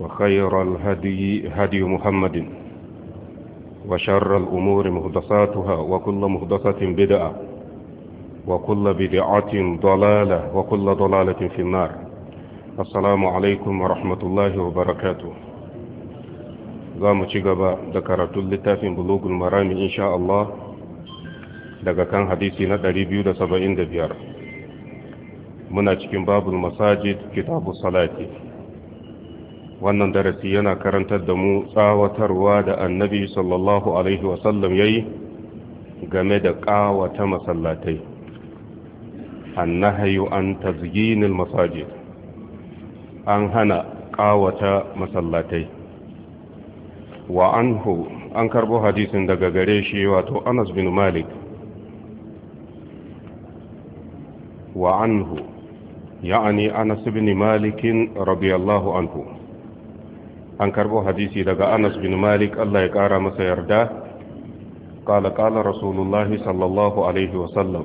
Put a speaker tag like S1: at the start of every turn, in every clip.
S1: وخير الهدي هدي محمد وشر الأمور مهدساتها وكل مهدسة بدعة وكل بدعة ضلالة وكل ضلالة في النار السلام عليكم ورحمة الله وبركاته زامو تشيغبا ذكرت اللتافين بلوغ المرام إن شاء الله daga kan hadisi na 275 muna cikin babul masajid kitabu salati wannan darasi yana karantar da mu tsawatarwa da annabi sallallahu alaihi wasallam ya yi game da ƙawata masallatai na annahayu an tazginil masajid an hana ƙawata masallatai wa anhu an karbo hadisin daga gare shi wato anas bin malik wa anhu ya'ani anas bin malikin radiyallahu anhu an karbo hadisi daga Anas bin Malik Allah ya kara masa yarda qala qala rasulullahi sallallahu alaihi wasallam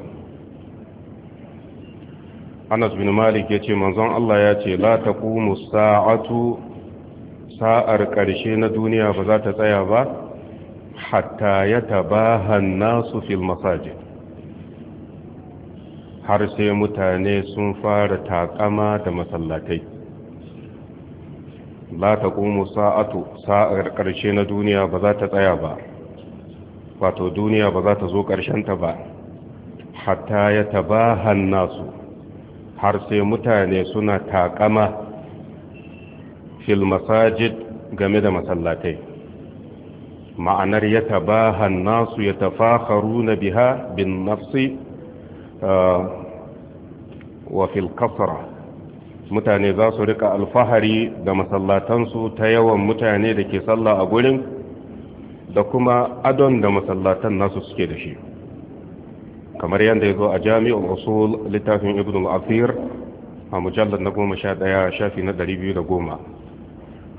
S1: Anas bin Malik yace manzon Allah ya ce la taqumu sa'atu sa'ar ƙarshe na duniya ba za ta tsaya ba hatta ya taba nasu fil masajid har sai mutane sun fara takama da masallatai la taqumu sa'atu sa'ar ƙarshe na duniya ba za ta tsaya ba wato duniya ba za ta zo ƙarshen ta ba hatta ya tabahan su, har sai mutane suna taƙama fil masajid game da masallatai ma'anar ya tabahan nasu ya tafakharu na biha bin nafsi uh, wa fil mutane za su rika alfahari da masallatansu ta yawan mutane da ke sallah a gurin da kuma adon da masallatan nasu suke da shi kamar yadda ya zo a jami'ar usul littafin ibn al-afir a mujallar na goma sha ɗaya shafi na ɗari biyu da goma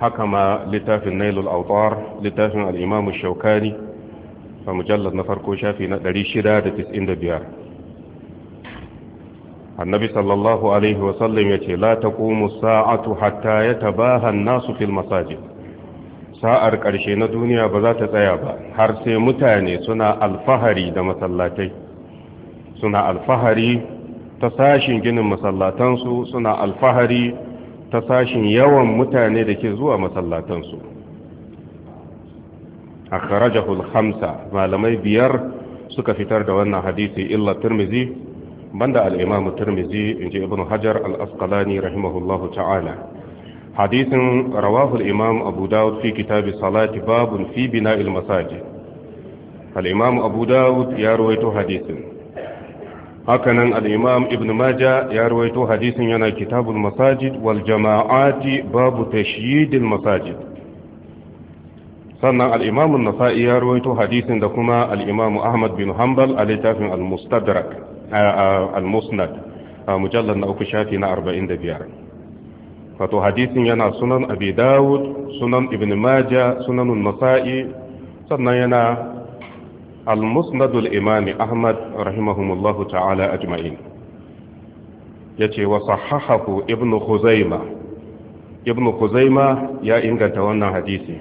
S1: haka ma littafin nailul autar littafin al'imamu shaukani a mujallar na farko shafi na ɗari shida da tis'in da biyar annabi sallallahu alaihi wasallam ya ce la taqumu sa'atu hatta ya taba nasu fil masajid sa'ar ƙarshe na duniya ba za ta tsaya ba har sai mutane suna alfahari da masallatai suna alfahari ta sashin ginin masallatansu suna alfahari ta sashin yawan mutane da ke zuwa masallatansu a kharajahul hamsa malamai biyar suka fitar da wannan hadisi illa turmizi banda al'imamu Turmizi. tirmidhi in ji ibn hajar al rahimahullahu ta'ala hadisin rawahu al-imam abu dawud fi kitab salati babun fi bina'il masajid al abu dawud ya rawaito hadisin hakanan al'imam ibn maja ya rawaito hadisin yana kitabun masajid wal jama'ati babu tashyidil masajid sannan al'imamun nasai ya rawaito hadisin da kuma al'imamu ahmad bin hanbal a littafin al-mustadrak al-musnad mujallar na uku shafi na 45 wato hadisin yana sunan abi dawud sunan ibn maja sunanun nasa'i sannan yana al-musnad al ahmad rahimahumullahu ta'ala ajma'in ce wa sahahahu ibn huzaima ibn khuzaima ya inganta wannan hadisi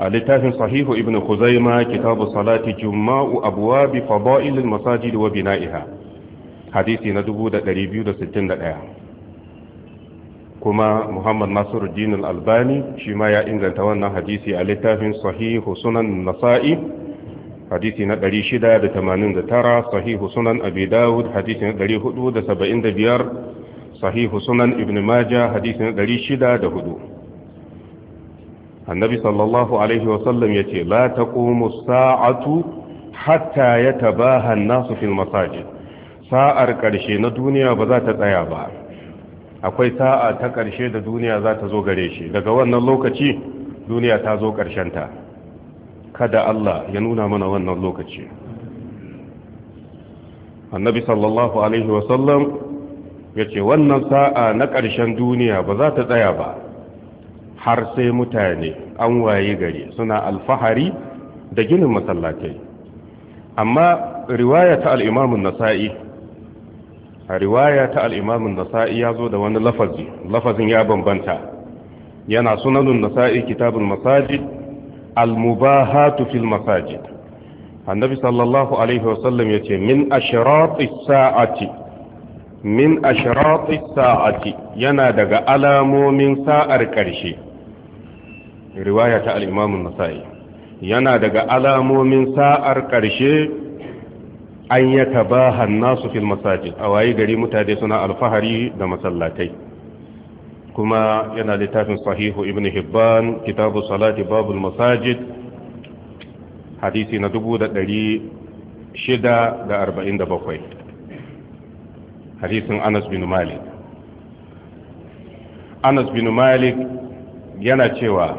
S1: a littafin sahihu ibn huzaima kitabu salati juma'u abuwabi, fada'il masajidi, masajid wa bina'iha hadisi na 2261 kuma muhammad Nasiru al-albani shi ma ya inganta wannan hadisi a littafin sahihu sunan nasa'i hadisi na 689 sahihu sunan abi dawud hadisi na 475 sahihu sunan ibn majah hadisi na 604 annabi sallallahu alaihi wasallam ya ce la taqumu sa'atu hatta yatabaha an-nasu fil masajid sa'ar ƙarshe na duniya ba za ta tsaya ba akwai sa'a ta ƙarshe da duniya za ta zo gare shi daga wannan lokaci duniya ta zo ta. kada Allah ya nuna mana wannan lokaci annabi sallallahu alaihi wasallam ya ce wannan sa'a na ƙarshen duniya ba za ta tsaya ba har sai mutane an waye gari suna alfahari da ginin masallatai amma riwaya ta al'imamun nasa'i a riwaya ta al'imamin nasa'i ya zo da wani lafazi lafazin ya bambanta yana sunanun nasa'i kitabun masajid al-mubahatu fil masajid annabi sallallahu alaihi wasallam ya ce min ashirati sa'ati min ashirati yana daga alamomin sa'ar ƙarshe riwaya ta al'imamin nasa'i yana daga alamomin sa'ar ƙarshe an ya hannu nasu fil masajid a waye gari mutane suna alfahari da masallatai kuma yana littafin sahihu ibn hibban kitabu salati babul masajid hadisi na 647 hadisin anas bin malik anas bin malik yana cewa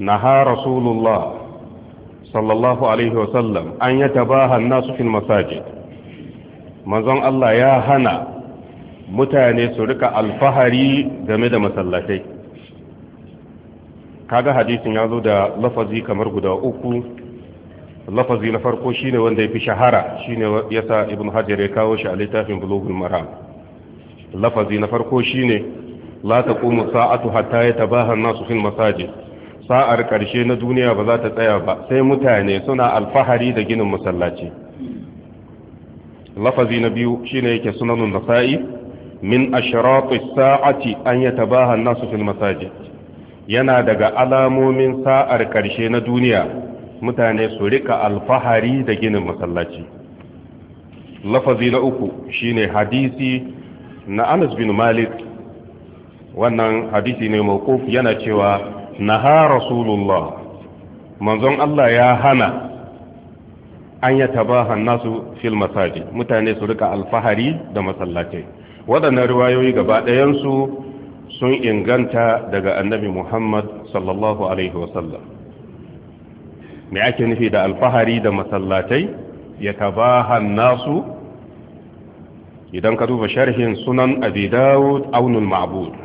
S1: naha rasulullah sallallahu alaihi wasallam an ya tabaha nasu fil masajid manzon Allah ya hana mutane su rika alfahari game da masallatai kaga hadisin ya zo da lafazi kamar guda uku lafazi na farko shine wanda ya fi shahara shine sa ibn hajar ya kawo shi a littafin bulugul maram lafazi na farko shine la taqumu sa'atu hatta yatabaha an-nasu fil masajid sa'ar ƙarshe na duniya ba za ta tsaya ba sai mutane suna alfahari da ginin masallaci lafazi na biyu shine yake sunanun nasa'i min ashratu sa'ati an yatabaha an-nasu fil masajid yana daga alamomin sa'ar ƙarshe na duniya mutane su rika alfahari da ginin masallaci lafazi na uku shine hadisi na Anas bin Malik wannan hadisi ne mawquf yana cewa naha rasulullah manzon Allah ya hana an ya tabaha nasu fil masaji mutane su rika alfahari da masallatai waɗannan riwayoyi gaba ɗayansu sun inganta daga annabi muhammad sallallahu alaihi wasallam me ake nufi da alfahari da masallatai ya tabaha nasu idan ka duba sharhin sunan abi dawud aunul ma'bud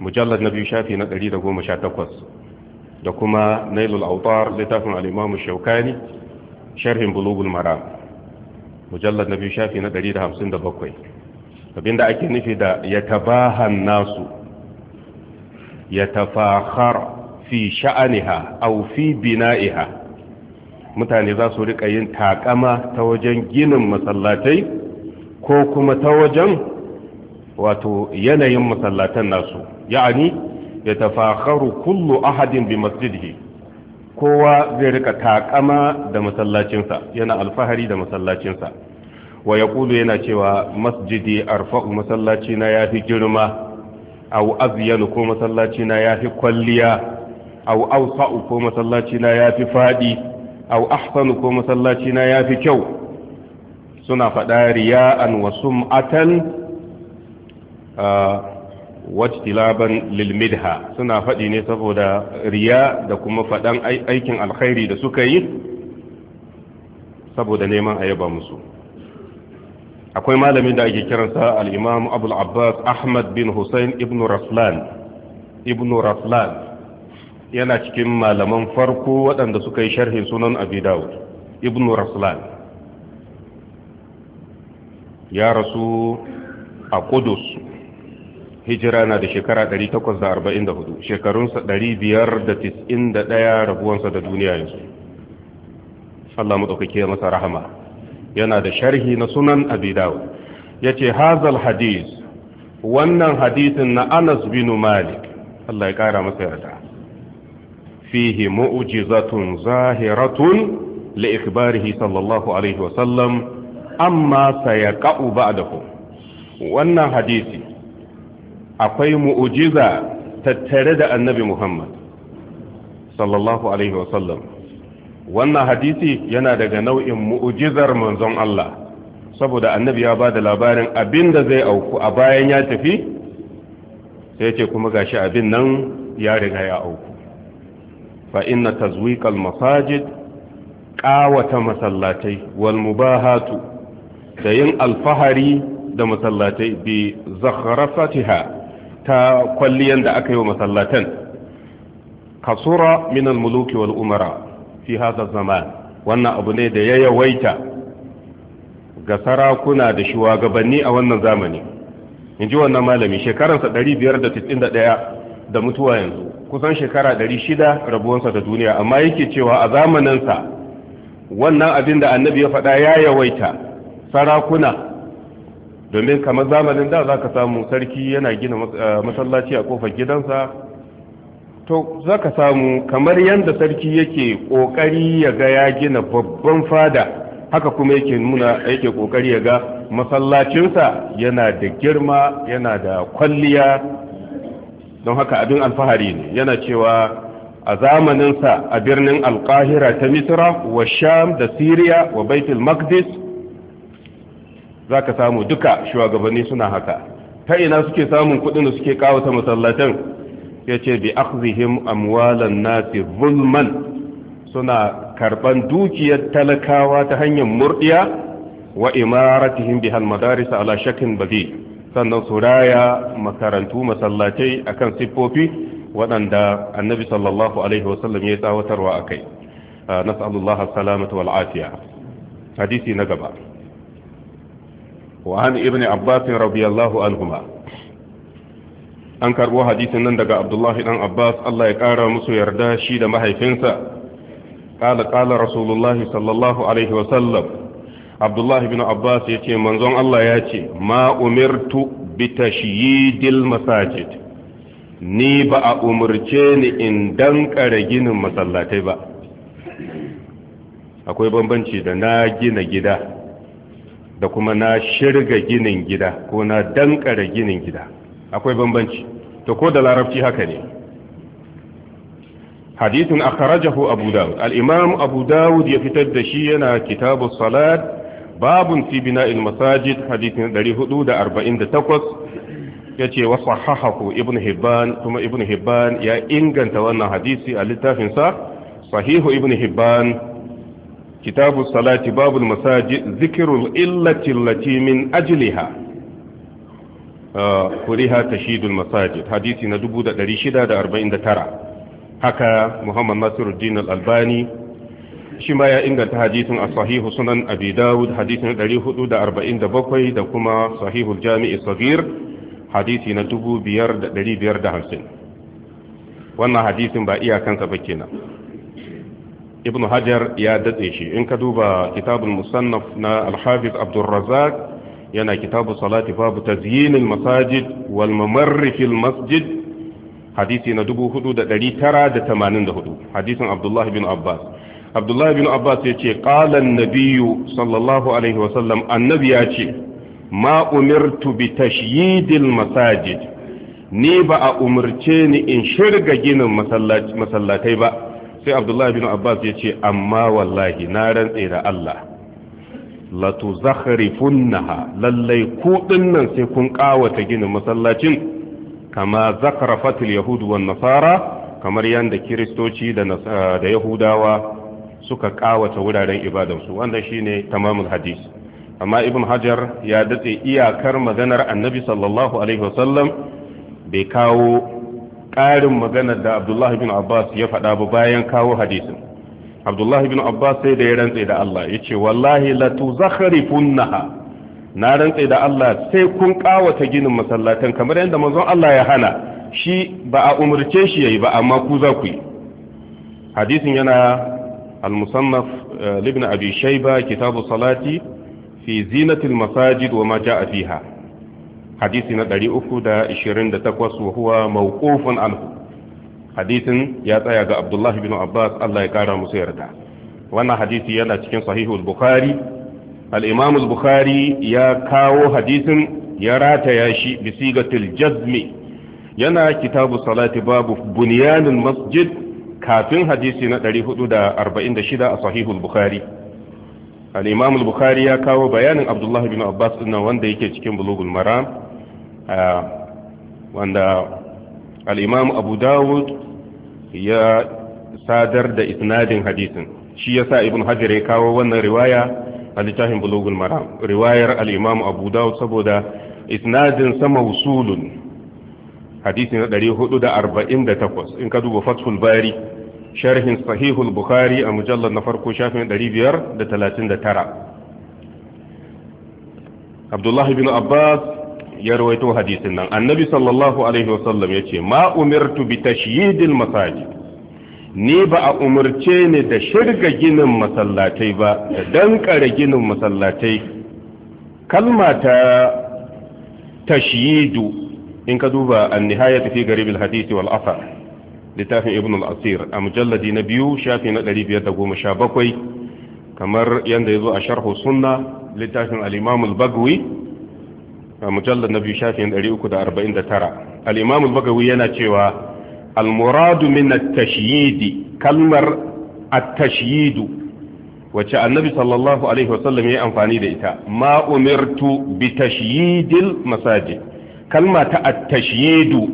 S1: mujallar na biyu shafi na 118 da kuma nailul autar littafin al'imamu shaukani sharhin bulugul maram mujallar na biyu shafi na 157 abinda ake nufi da ya tabahan nasu ya tafahara fi sha'aniha au fi bina'iha mutane za su rika yin takama ta wajen ginin masallatai ko kuma ta wajen wato yanayin masallatan nasu ya'ani ya tafakharu kullu ahadin bi masjidihi kowa zai rika takama da masallacinsa yana alfahari da masallacinsa wa yaqulu yana cewa masjidi arfa'u masallaci na yafi girma aw azyanu ko masallaci na yafi kwalliya aw awsa'u ko masallaci na yafi fadi aw ahsanu ko masallaci na yafi kyau suna faɗa riya'an wa sum'atan ah, wajtilaban lil midha suna faɗi ne saboda riya da kuma faɗan aikin alkhairi da suka yi saboda neman ayaba musu akwai malamin da ake kiransa al-imam abul abbas ahmad bin hussein ibn raslan ibn raslan yana cikin malaman farko waɗanda suka yi sharhin sunan abi dawud ibn raslan ya rasu a kudus hijira na da shekara 844 shekarunsa 591 rabuwansa da duniya yanzu Allah maɗaukake ya masa rahama yana da sharhi na sunan abidawo ya ce hazal hadis wannan hadisin na anas bin malik Allah ya ƙara masa yarda fihi mu'jizatun zahiratun li ikbarihi sallallahu alaihi sallam, amma sayaqa'u ba'dahu wannan hadisi akwai mu'ujiza tattare da annabi Muhammad sallallahu alaihi wasallam wannan hadisi yana daga nau'in mu'ujizar manzon Allah saboda annabi ya ba da labarin abin da zai auku a bayan ya tafi sai ce kuma gashi abin nan ya riga ya auku fa inna tazwiqal masajid ƙawata masallatai wal mubahatu da yin alfahari da masallatai bi zakharafatiha ta kwalliyan da aka yi wa masallatan kasura min al-muluki wal umara fi hadha zaman wannan abu ne da ya yawaita ga sarakuna da shugabanni a wannan zamani inji wannan malami shekararsa 591 da mutuwa yanzu kusan shekara 600 rabuwansa da duniya amma yake cewa a zamaninsa wannan abin da annabi ya faɗa ya yawaita sarakuna domin kamar zamanin da za ka samu sarki yana gina eh, masallaci a kofar gidansa to za ka samu kamar yadda sarki yake ƙoƙari ya ga ya gina babban fada haka kuma yake nuna yake ƙoƙari ya ga masallacinsa yana da girma yana da kwalliya don haka abin alfahari ne yana cewa a zamaninsa a birnin alkahira ta misra wa sham da siriya wa baitul maqdis za ka samu duka shugabanni suna haka ta ina suke samun kuɗin da suke kawata masallatan ya ce bi akhzihim amwalan nasi zulman suna karban dukiyar talakawa ta hanyar murdiya wa imaratihim bihal madaris ala shakin badi sannan su raya makarantu masallatai akan siffofi waɗanda annabi sallallahu alaihi wasallam ya tsawatarwa akai nas'alullaha salamata wal afiya hadisi na gaba وعن ابن عباس رضي الله عنهما an karɓo hadisin nan daga abdullahi dan abbas allah ya kara musu yarda shi da mahaifinsa kala kala rasulullahi sallallahu alaihi wasallam abdullahi bin abbas ya ce manzon allah ya ce ma umirtu bi tashyidil masajid ni ba a umarce ni in dankare ginin masallatai ba akwai bambanci da na gina gida da kuma na shirga ginin gida ko na dankara ginin gida akwai bambanci to ko da larabci haka ne hadithun akharajahu abu dawud al abu dawud ya fitar da shi yana kitabu salat babun tibina il masajid hadithin 448 ce wasu hahaku ibn hibban kuma ibn hibban ya inganta wannan hadisi a littafinsa sa sahihu ibn hibban kitabu salati babu masajid zikirul illati allati min ajliha kuriha ah, tashidul masajid hadisi na 649 haka muhammad nasiruddin al-albani shi ma ya inganta hadisin a sahihu sunan abi dawud hadisin 447 da kuma sahihul jami'i sabir hadisi na 5550 wannan hadisin ba iyakansa ba kenan ibn hajar ya datse shi in ka duba kitabul musannaf na alhafiz hafiz yana kitabu salati babu tazyinil masajid wal mamarri masjid hadisi na 4984 hadisin abdullahi bin abbas abdullahi bin abbas ya ce qalan nabiyyu sallallahu alaihi wa sallam annabi ya ce ma umirtu bi tashyidil masajid ni ba a umarce ni in shirga ginin masallatai ba sai abdullahi bin abbas ya ce amma wallahi na rantse da allah latu zakharifunnaha lallai kuɗin nan sai kun kawata ginin masallacin kama zakharafatul Yahudu wan nasara kamar yadda kiristoci ah, da yahudawa suka kawata wuraren ibadansu wannan shine tamamul hadis amma ibn hajar ya datse iyakar maganar annabi sallallahu alaihi wasallam bai kawo ƙarin maganar da abdullahi bin abbas ya faɗa ba bayan kawo hadisin abdullahi bin abbas sai da ya rantse da allah ya ce wallahi latu zakharifunnaha na rantse da allah sai kun ƙawata ginin masallatan kamar yadda manzon allah ya hana shi ba a umarce shi yayi ba amma ku za ku yi hadisin yana al-musannaf Abishaiba eh, abi shayba kitabu salati fi zinatil masajid wa ma ja'a fiha hadisi na 328 wa huwa mawqufun anhu hadisin ya tsaya ga Abdullah ibn Abbas Allah ya kara musu yarda wannan hadisi yana cikin sahihul bukhari al-imam al-bukhari ya kawo hadisin ya rataya shi bi sigatil jazmi yana kitabu salati babu bunyanul masjid kafin hadisi na 446 a sahihul bukhari al-imam al-bukhari ya kawo bayanin Abdullah ibn Abbas din wanda yake cikin bulugul maram wanda al'imam abu dawud ya sadar da isnadin hadisin shi ya sa ibn hajar ya kawo wannan riwaya a littafin bulogun Mara, riwayar al'imam abu dawud saboda isnadin sama usulun hadisi na 448 in ka duba fathul bari sharhin sahihul bukhari a mujallar na farko shafin 539 abdullahi bin abbas ya rawaito hadisin nan annabi sallallahu alaihi wasallam ya ce ma umirtu bi tashyidil masajid ni ba a umarce ni da shirga ginin masallatai ba da dankare ginin masallatai kalma ta tashyidu in ka duba an nihaya fi garib al hadisi wal asar littafin ibn al asir a mujalladi na biyu shafi na 517 kamar yanda yazo a sharhu sunna littafin al imam al bagwi A mujallar na biyu shafin 349 al'imamul bagawi yana cewa almuradu min at-tashyidi kalmar at-tashyidu wacce annabi sallallahu alaihi wasallam ya yi amfani da ita ma umirtu bi tashyidil masajid kalma ta at-tashyidu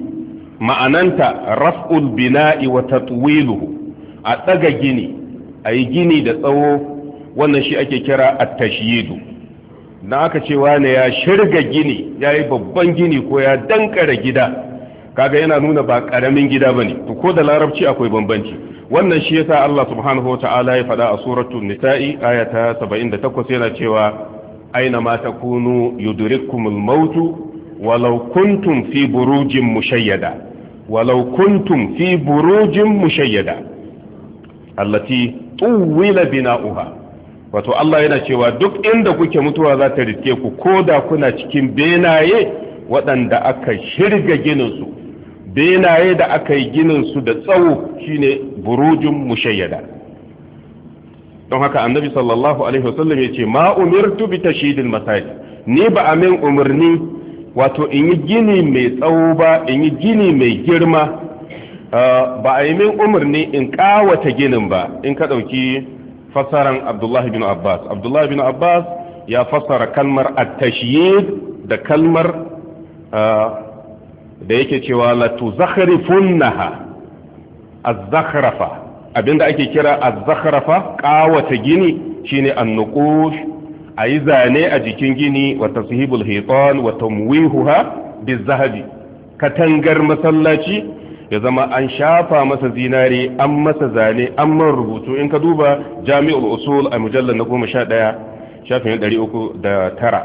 S1: ma'ananta raf'ul bina'i wa tatwiluhu a tsaga gini ayi gini da tsawo wannan shi ake kira at-tashyidu na aka ce wane ya shirga gini ya yi babban gini ko ya dankara gida kaga yana nuna ba karamin gida ba ne ko da larabci akwai bambanci wannan shi yasa Allah subhanahu wa ta'ala ya faɗa a suratul nisa'i ayata ta 78 yana cewa aina ma takunu yudrikumul mautu walau kuntum fi burujin mushayyada walau kuntum fi burujin mushayyada allati tuwila bina'uha wato Allah yana cewa duk inda kuke mutuwa za ta riske ku ko da kuna cikin benaye waɗanda aka shirga gininsu benaye da aka yi ginin su da tsawo shine burujin mushayyada don haka annabi sallallahu alaihi wasallam ya ce ma umirtu bi tashidil masajid ni ba a min umarni wato in yi gini mai tsawo ba in yi gini mai girma ba a yi min umarni in ƙawata ginin ba in ka ɗauki fassaran abdullahi bin abbas abdullahi bin abbas ya fassara kalmar at da kalmar uh, da yake cewa la tuzakhrifunnaha az-zakhrafa abinda ake kira az-zakhrafa qawata gini shine an-nuqush ayi zane a jikin gini wa tashibul hitan wa tamwihuha bizahabi katangar masallaci ya zama an shafa masa zinare an masa zane an man rubutu in ka duba jami'ul usul a mujallar na goma sha ɗaya shafin ɗari uku da tara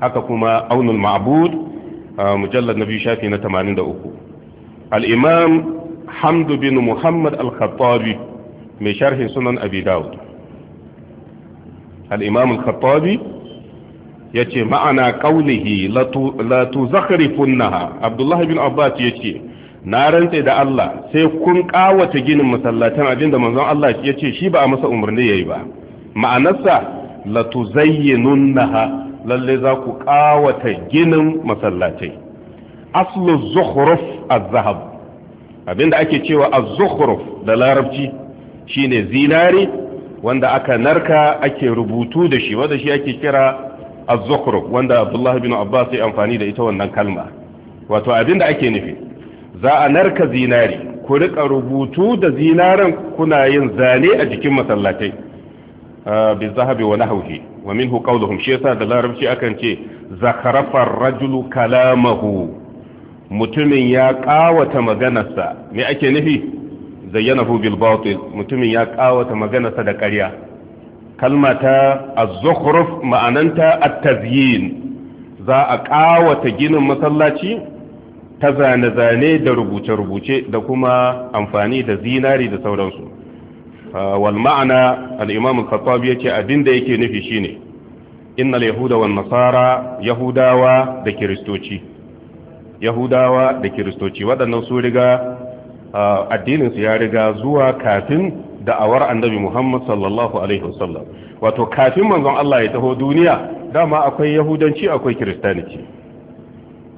S1: haka kuma aunul ma'bud a mujallar na biyu shafi na tamanin da uku al'imam hamdu bin muhammad al-khattabi mai sharhin sunan abi dawud al-imam al-khattabi ya ce ma'ana ƙaunihi la tu zakarifunnaha abdullahi bin abbas ya ce na rantse da Allah sai kun ƙawata ginin masallatan abinda manzon Allah ya ce shi ba a masa umarni yayi ba ma'anarsa la tuzayyinunha lalle za ku kawata ginin masallatai aslu zukhruf az-zahab abinda ake cewa az-zukhruf da larabci shine zinari wanda aka narka ake rubutu da shi wanda shi ake kira az-zukhruf wanda Abdullah ibn Abbas ya amfani da ita wannan kalma wato abinda ake nufi za a narka zinari ku rika rubutu da zinaran kuna yin zane a jikin masallatai ah, bi zahabi wa nahawhi wa minhu qawluhum shi yasa da larabci akan ce zakarafar rajulu kalamahu mutumin ya kawata maganarsa me ake nufi zayyanahu bil batil mutumin ya kawata maganarsa da ƙarya kalma ta az-zukhruf ma'ananta at-tazyin za a kawata ginin masallaci ta zane-zane da rubuce-rubuce da kuma amfani da zinari da sauransu ah, wal ma'ana al khattabi yace abin da yake nufi shine innal yahuda wan nasara yahudawa da kiristoci yahudawa da kiristoci waɗannan su riga ah, addininsu ya riga zuwa kafin da'awar annabi Muhammad sallallahu alaihi wasallam wato kafin manzon Allah ya taho duniya dama akwai yahudanci akwai kiristanci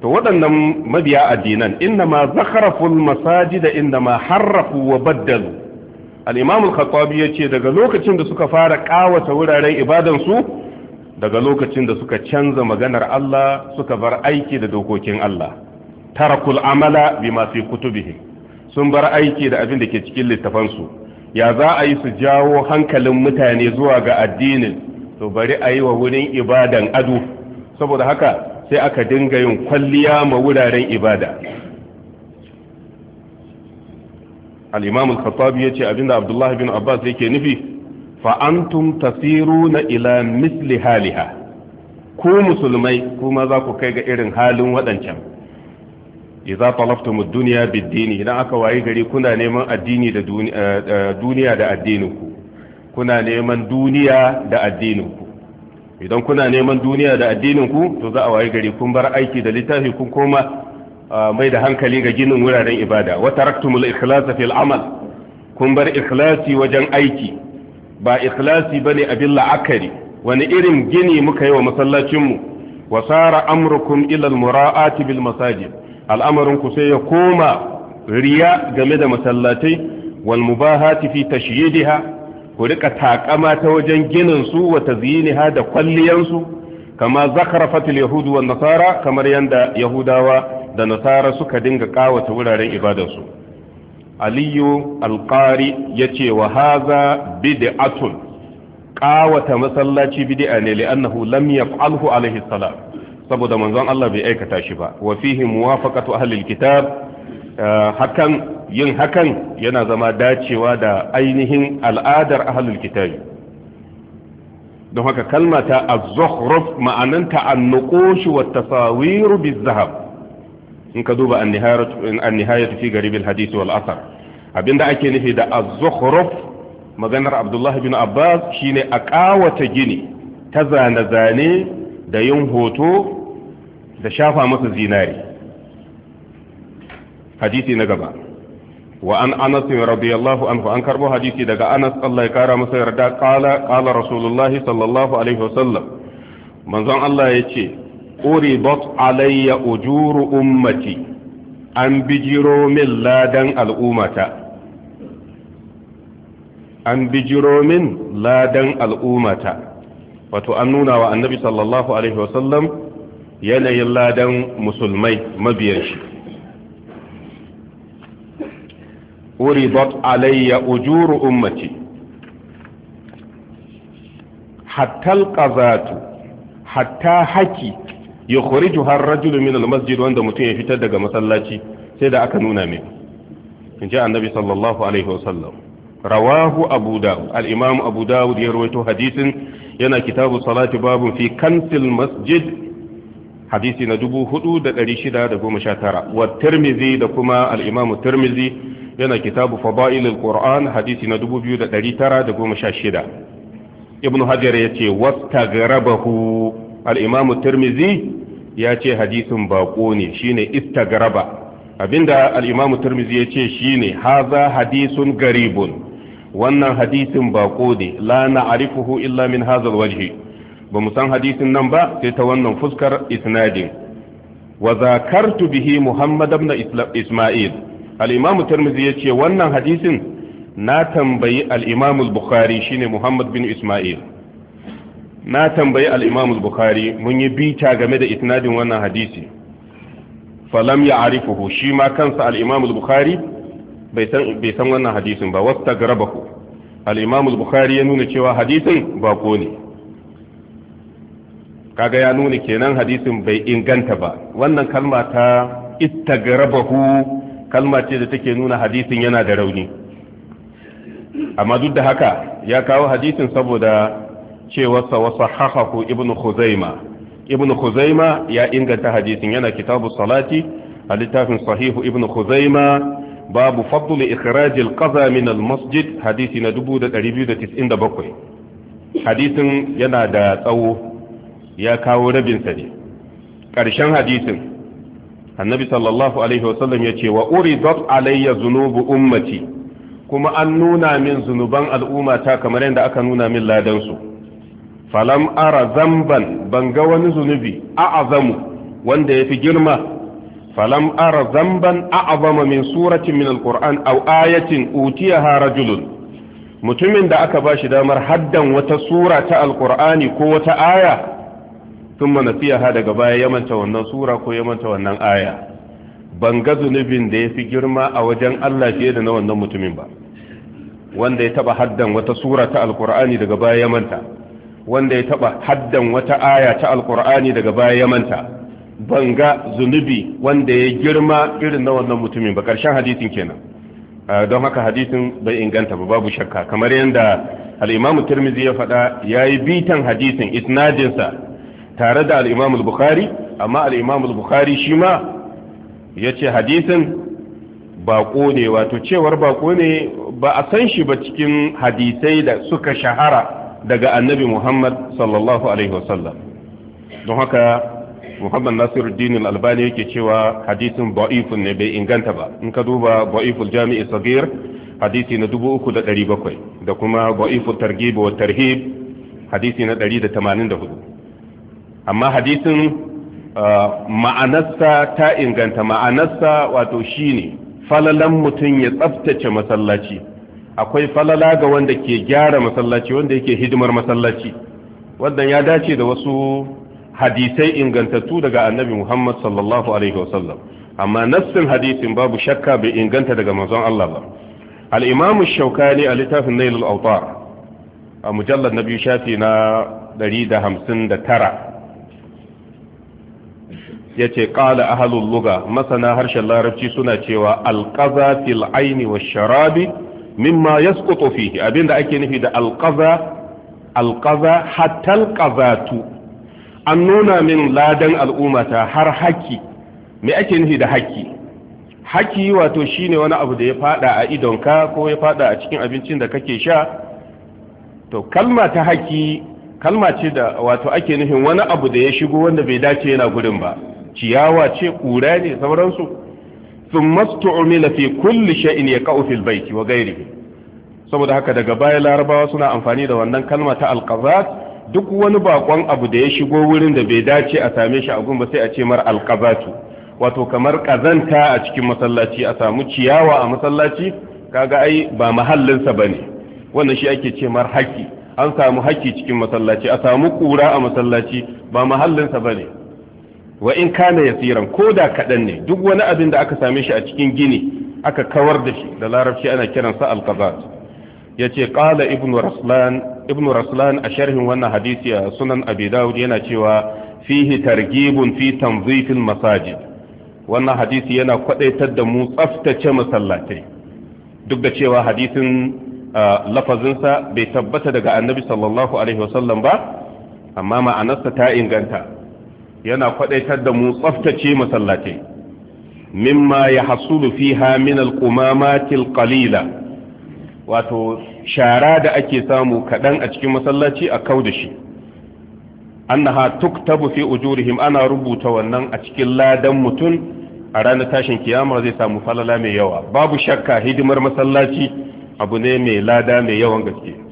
S1: to waɗannan mabiya addinan inna ma zakaraful masajid inna ma harrafu wa baddalu al-imam al-khattabi yace daga lokacin da suka fara kawata wuraren ibadan su daga lokacin da suka canza maganar Allah suka bar aiki da dokokin Allah tarakul amala bima fi kutubihi sun bar aiki da abin da ke cikin littafansu ya za a yi su jawo hankalin mutane zuwa ga addinin to bari a yi wa wurin ibadan ado saboda haka sai aka dinga yin kwalliya ma wuraren ibada al-imam al-khattabi yace abinda abdullahi bin abbas yake nufi fa tasiru na ila misli haliha ku musulmai kuma za ku kai ga irin halin waɗancan idza talaftum ad-dunya bid-dini idan aka wayi gari kuna neman addini da eh, eh, duniya da addinin kuna neman duniya da addinin idan kuna neman duniya da addinin ku to za a waye gari kun bar aiki da littafi kun koma mai da hankali ga ginin wuraren ibada wa taraktumul ikhlasa fil amal kun bar ikhlasi wajen aiki ba ikhlasi bane abin la'akari wani irin gini muka yi wa masallacin mu wa sara amrukum ila al mura'ati bil masajid al'amarin ku sai ya koma riya game da masallatai wal mubahati fi tashyidiha ku rika takama ta wajen ginin su wa tazyiniha da kwalliyan su kama zakarafatul yahudu wa nasara kamar yadda yahudawa da nasara suka dinga kawata wuraren ibadarsu aliyu Alƙari ya wa haza bid'atun kawata masallaci bid'a ne li'annahu lam yaf'alhu alaihi salam saboda manzon Allah bai aikata shi ba wa fihi muwafaqatu ahli alkitab eh, hakan yin hakan yana zama dacewa da ainihin al'adar ahlul kitabi don haka kalma ta az-zukhruf ma'ananta an-nuqush wa tasawir biz-zahab in ka duba an-nihayatu fi garib al-hadith wal athar abinda ake nufi da az-zukhruf maganar Abdullah ibn Abbas shine a ƙawata gini ta zane-zane da yin hoto da shafa masa zinari hadisi na gaba wa an anas radiyallahu anhu an karbo hadisi daga anas Allah ya kara masa yarda qala qala rasulullahi sallallahu alaihi wasallam manzon Allah ya ce uribat alayya ujuru ummati an bijiro min ladan al'ummata an bijiro min ladan al'ummata wato an nuna wa annabi sallallahu alaihi wasallam yanayin ladan musulmai mabiyan shi uridat alayya ujuru ummati hatta kazatu hatta haki yukhrijuha ar-rajul min masjid wanda mutum ya fitar daga masallaci sai da aka nuna min in ji annabi sallallahu alaihi wasallam rawahu abu dawud al-imam abu dawud ya rawaito hadisin yana kitabu salati babun fi kansil masjid hadisi na 4619 wa tirmizi da kuma al-imam tirmizi yana kitabu fada'ilul qur'an hadisi na 2916 ibnu hajar yace wastaghrabahu al-imam tirmizi yace hadisin bako ne shine istagraba abinda al-imam ya ce shine haza hadisun garibun wannan hadisin bako ne la na'rifuhu illa min hadha al-wajhi ba mu san hadisin nan ba sai ta wannan fuskar isnadin wa zakartu bihi muhammad ibn isma'il al-imamu ya ce wannan hadisin na tambayi al-imamu bukhari shine muhammad bin isma'il na tambayi al-imamu bukhari mun yi bita game da isnadin wannan hadisi falam ya arifuhu shi ma kansa al bukhari bai san wannan hadisin ba wastagrabahu al-imamu bukhari ya nuna cewa hadisin ba ne kaga ya nuna kenan hadisin bai inganta ba wannan kalma ta ittagrabahu kalma ce da take nuna hadisin yana da rauni amma duk da haka ya kawo hadisin saboda cewarsa wasu hahahu ibn khuzaima ibn khuzaima ya inganta hadisin yana kitabu salati a littafin sahihu ibn khuzaima babu fadlu ikhrajil qaza min al masjid hadisi na 2297 hadisin yana da tsawo ya kawo rabinsa ne ƙarshen hadisin annabi sallallahu alaihi wasallam ya ce wa uridat alayya zunubu ummati kuma an nuna min zunuban al'ummata kamar yadda aka nuna min ladansu falam ara zamban ban ga wani zunubi a'azamu wanda fi girma falam ara zamban a'azama min suratin min alquran au ayatin utiyaha rajulun mutumin da aka bashi damar haddan wata sura ta alkur'ani ko wata aya sun manafiyaha daga baya ya manta wannan sura ko ya manta wannan aya ban ga zunubin da ya fi girma a wajen Allah fiye da na wannan mutumin ba wanda ya taba haddan wata sura ta alkur'ani daga baya ya manta wanda ya taba haddan wata aya ta alkur'ani daga baya ya manta ban ga zunubi wanda ya girma irin na wannan mutumin ba karshen hadisin kenan don haka hadisin bai inganta ba babu shakka kamar yadda al-imamu tirmidhi ya yi yayi bitan hadisin isnadinsa tare da alimam imam al-Bukhari amma al al-Bukhari shi ma yace hadisin bako ne wato cewar bako ne ba a san shi ba cikin hadisai da suka shahara daga Annabi Muhammad sallallahu alaihi wasallam don haka Muhammad Nasiruddin albani yake cewa hadisin da'ifun ne bai inganta ba in ka duba da'iful jami'i sagir hadisi na 3700 da kuma da'iful targhib wa tarhib hadisi na 184 amma hadisin uh, ma'anarsa ta inganta ma'anarsa wato shine falalan mutum ya tsaftace masallaci akwai falala ga wanda ke gyara masallaci wanda yake hidimar masallaci wannan ya dace da wasu hadisai ingantattu daga annabi Muhammad sallallahu alaihi wasallam amma nassin hadisin babu shakka bai inganta daga manzon Allah ba al-imam shaukani a littafin nailul autar a mujallar na biyu shafi na 159 yace ƙala a halulluga masana harshen larabci suna cewa alqaza fil aini wash-sharabi mimma yasqutu fihi abinda ake nufi da alqaza alqaza hatta alqazatu an nuna min ladan al'ummata har haki me ake nufi da haki haki wato shine wani abu da ya fada a idonka ko ya fada a cikin abincin da kake sha to kalma ta haki kalma ce da wato ake nufin wani abu da ya shigo wanda bai dace yana gurin ba ciyawa ce ƙura ne sauransu sun na fi kulli sha'in ya ka'u fil baiti wa gairi saboda haka daga baya larabawa suna amfani da wannan kalma ta alqazat duk wani baƙon abu da ya shigo wurin da bai dace a same shi a gun sai a ce mar alqazatu wato kamar kazanta a cikin masallaci a samu ciyawa a masallaci kaga ai ba ba bane wannan shi ake ce mar haki an samu haki cikin masallaci a samu ƙura a masallaci ba ba bane wa in kana yasiran ko da kaɗan ne duk wani abin da aka same shi a cikin gini aka kawar da shi da larabci ana kiransa alqazat yace ce ibnu raslan raslan a sharhin wannan hadisi a sunan abi dawud yana cewa fihi targibun fi tanzifil masajid wannan hadisi yana kwadaitar da mu tsaftace masallatai duk da cewa hadisin lafazinsa bai tabbata daga annabi sallallahu alaihi wasallam ba amma ma'anarsa ta inganta yana kwadaitar da mu tsaftace masallatai mimma ya hasulu fiha min alqumamatil qalila wato shara da ake samu kadan a cikin masallaci a kau da shi annaha tuktabu fi ujurihim ana rubuta wannan a cikin ladan mutum a ranar tashin kiyama zai samu falala mai yawa babu shakka hidimar masallaci abu ne mai lada mai yawan gaske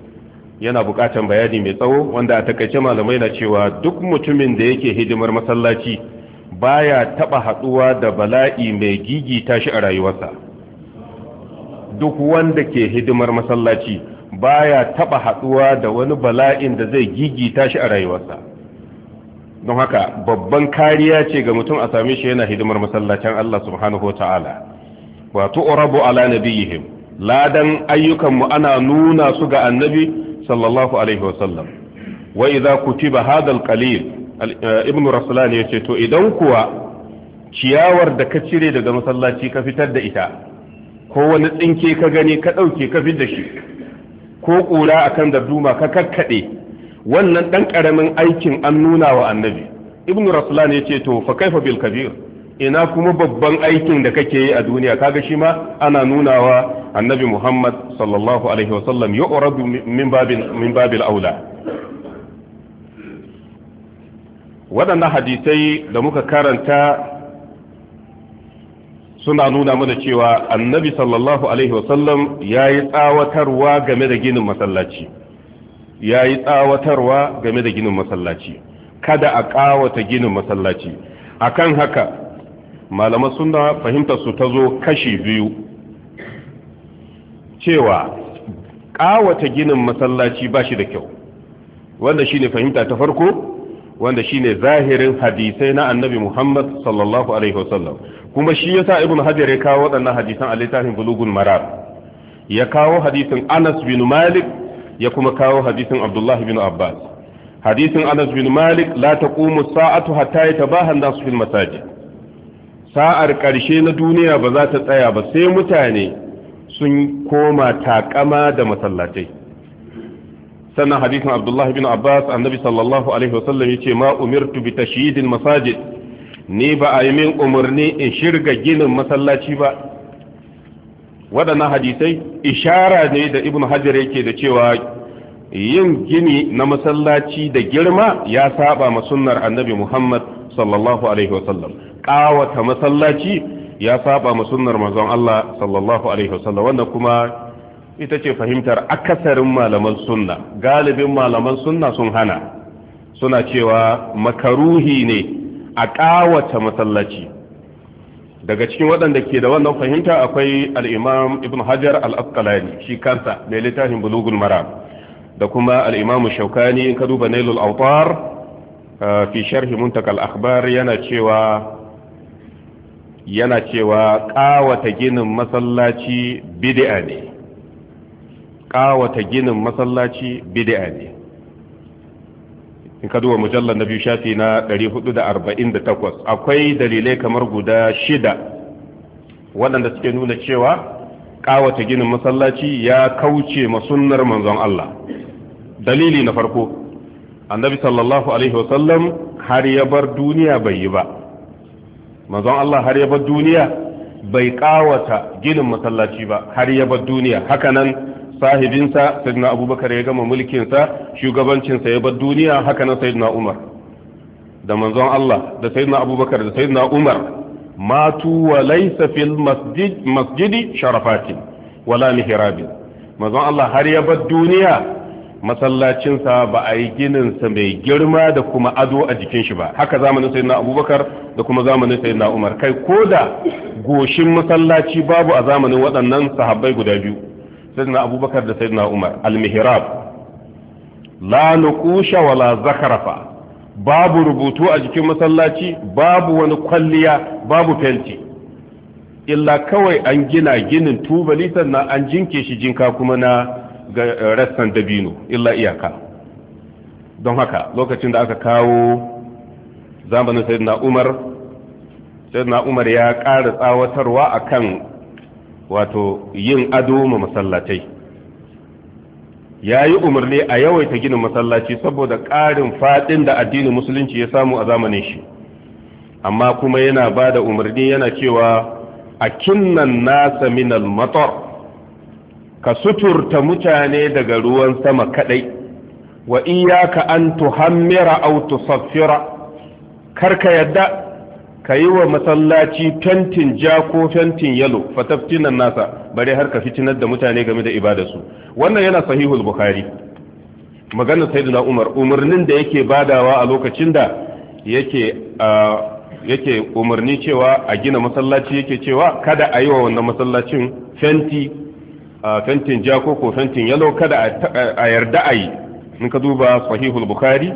S1: yana bukatan bayani mai tsawo wanda a takaice malamai na cewa duk mutumin da yake hidimar masallaci baya taba haduwa da bala'i mai gigita shi a rayuwarsa duk wanda ke hidimar masallaci baya taba haduwa da wani bala'in da zai gigita shi a rayuwarsa don haka babban kariya ce ga mutum a same shi yana hidimar masallacin Allah subhanahu wataala wato urabu ala nabiyihim ladan ayyukan mu ana nuna su ga annabi sallallahu alaihi wasallam wa idza kutiba hadha alqalil eh, ibn raslan yace to idan kuwa ciyawar da ka cire daga masallaci ka fitar da ita ko wani tsinke ka gani ka ɗauke ka fitar da shi ko kura akan darduma ka kakkaɗe wannan ɗan karamin aikin an nuna wa annabi ibn raslan yace to fa kaifa bil kabir ina kuma babban aikin da kake yi a duniya kaga shi ma ana nunawa annabi Muhammad sallallahu alaihi wasallam yu'radu min babin min babil aula waɗannan hadisai da muka karanta suna nuna mana cewa annabi sallallahu alaihi wasallam ya yi tsawatarwa game da ginin masallaci ya yi tsawatarwa game da ginin masallaci kada a ƙawata ginin masallaci akan haka malaman suna fahimtar su ta zo kashi biyu cewa ƙawata ginin masallaci ba shi da kyau wanda ne fahimta ta farko wanda ne zahirin hadisai na annabi Muhammad sallallahu alaihi wasallam kuma shi yasa ibn hajar ya kawo waɗannan hadisan a littafin bulugul marar ya kawo hadisin Anas bin Malik ya kuma kawo hadisin Abdullahi bin Abbas hadisin Anas bin Malik la taqumu sa'atu hatta yatabaha an-nasu fil masajid sa'ar ƙarshe na duniya ba za ta tsaya ba sai mutane sun koma takama da masallatai sannan hadisin abdullahi bin abbas annabi sallallahu alaihi wasallam ce ma umirtu bi tashidin masajid ni ba a yi min umarni in shirga ginin masallaci ba waɗannan hadisai ishara ne da ibn hajar yake da cewa yin gini na masallaci da girma ya saba ma sunnar annabi muhammad sallallahu alaihi wasallam ƙawata masallaci ya saba ma sunnar manzon Allah sallallahu alaihi wasallam Wannan kuma ita ce fahimtar akasarin malaman sunna galibin malaman sunna sun hana suna cewa makaruhi ne a ƙawata masallaci daga cikin waɗanda ke da wannan fahimta akwai al'imam ibn hajar al al'asqalani shi kansa mai littafin bulugul maram da kuma al'imam shaukani in ka duba nailul autar ah, fi sharhi muntakal akhbar yana cewa yana cewa ƙawata ginin masallaci bid'a ne ƙawata ginin masallaci bid'a ne in ka duba mujallar na biyu shafi na 448 akwai dalilai kamar guda shida waɗanda suke nuna cewa ƙawata ginin masallaci ya kauce masunnar manzon Allah dalili na farko annabi sallallahu alaihi wasallam har ya bar duniya bai yi ba manzon Allah har ya bar duniya bai kawata ginin masallaci ba har ya bar duniya hakanan sahibinsa sayyidina abubakar ya gama mulkinsa shugabancinsa ya bar duniya hakanan sayyidina umar da manzon Allah da sayyidina abubakar da sayyidina umar matu wa laysa fil masjid masjidi sharafatin wala mihrabin manzon Allah har ya bar duniya masallacinsa ba a yi gininsa mai girma da kuma ado a jikin shi ba haka zamanin sayyidina abubakar da kuma zamanin sayyidina umar kai ko da goshin masallaci babu a zamanin waɗannan sahabbai guda biyu sayyidina abubakar da sayyidina umar al-mihrab la nuqusha wala zakarafa babu rubutu a jikin masallaci babu wani kwalliya babu fenti illa kawai an gina ginin tubali sannan an jinke shi jinka kuma na ga rassan dabino illa iyaka don haka lokacin da aka kawo zamanin sayyidina umar sayyidina umar ya ƙara tsawatarwa akan wato yin ado ma masallatai ya yi umarni a yawaita ginin masallaci saboda ƙarin fadin da addinin musulunci ya samu a zamanin shi amma kuma yana bada da umarni yana cewa a kinnan nasa minal matar ka suturta mutane daga ruwan sama kadai wa iyaka an tuhammira aw tusaffira karka yadda ka yi wa masallaci fentin ja ko fentin yalo fataftinan nasa bare har ka fitinar da mutane game da ibadarsu wannan yana sahihul bukhari magana sayyidina umar umarnin da yake badawa a lokacin da yake yake umarni cewa a gina masallaci yake cewa kada a yi wa wannan masallacin fenti A fentin ja ko ko fentin yalo kada a yarda a yi in ka duba sahihul bukhari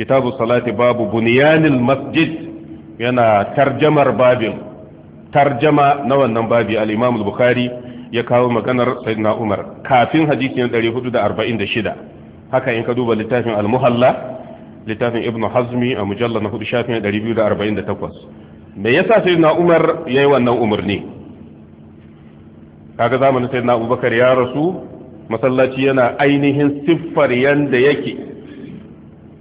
S1: kitabu salati babu Buniyanil masjid yana tarjamar babin tarjama na wannan babi al-imam bukhari ya kawo maganar sayyidina umar kafin hadisi na 446 haka in ka duba littafin al-muhalla littafin ibn hazmi a mujallar na hudu shafin 248 me yasa sayyidina umar yayi wannan umarni kaga zamanin na abubakar ya rasu masallaci yana ainihin siffar yanda yake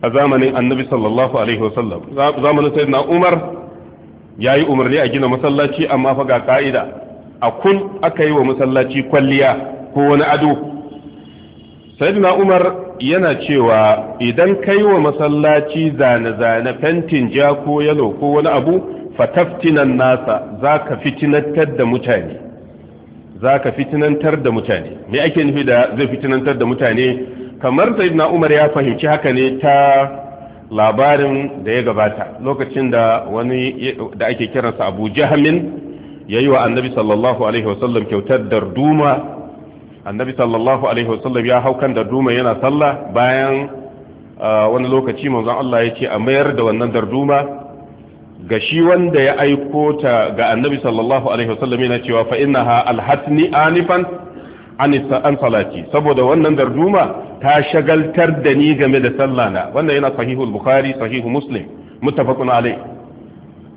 S1: a zamanin annabi sallallahu alaihi wasallam zamanin na umar ya yi umarni a gina masallaci amma fa ga ka'ida a kun aka yi wa masallaci kwalliya ko wani ado sayyidina umar yana cewa idan yi wa masallaci zane-zane fentin ja ko yalo ko wani abu fataftinan nasa za ka fitinattar da mutane za ka fitinantar da mutane me ake nufi da zai fitinantar da mutane kamar sayyidina umar ya fahimci haka ne ta labarin da ya gabata lokacin da wani da ake kiransa abu jahamin ya yi wa annabi sallallahu alaihi wasallam kyautar darduma annabi sallallahu alaihi wasallam ya hau kan darduma yana sallah bayan ah, wani lokaci manzon Allah ya ce a mayar da wannan darduma ga shi wanda ya aiko ta ga annabi sallallahu alaihi wasallam yana cewa fa innaha alhatni anifan an salati saboda wannan darduma ta shagaltar da ni game da sallah na wannan yana sahihul bukhari sahihu muslim muttafaqun alai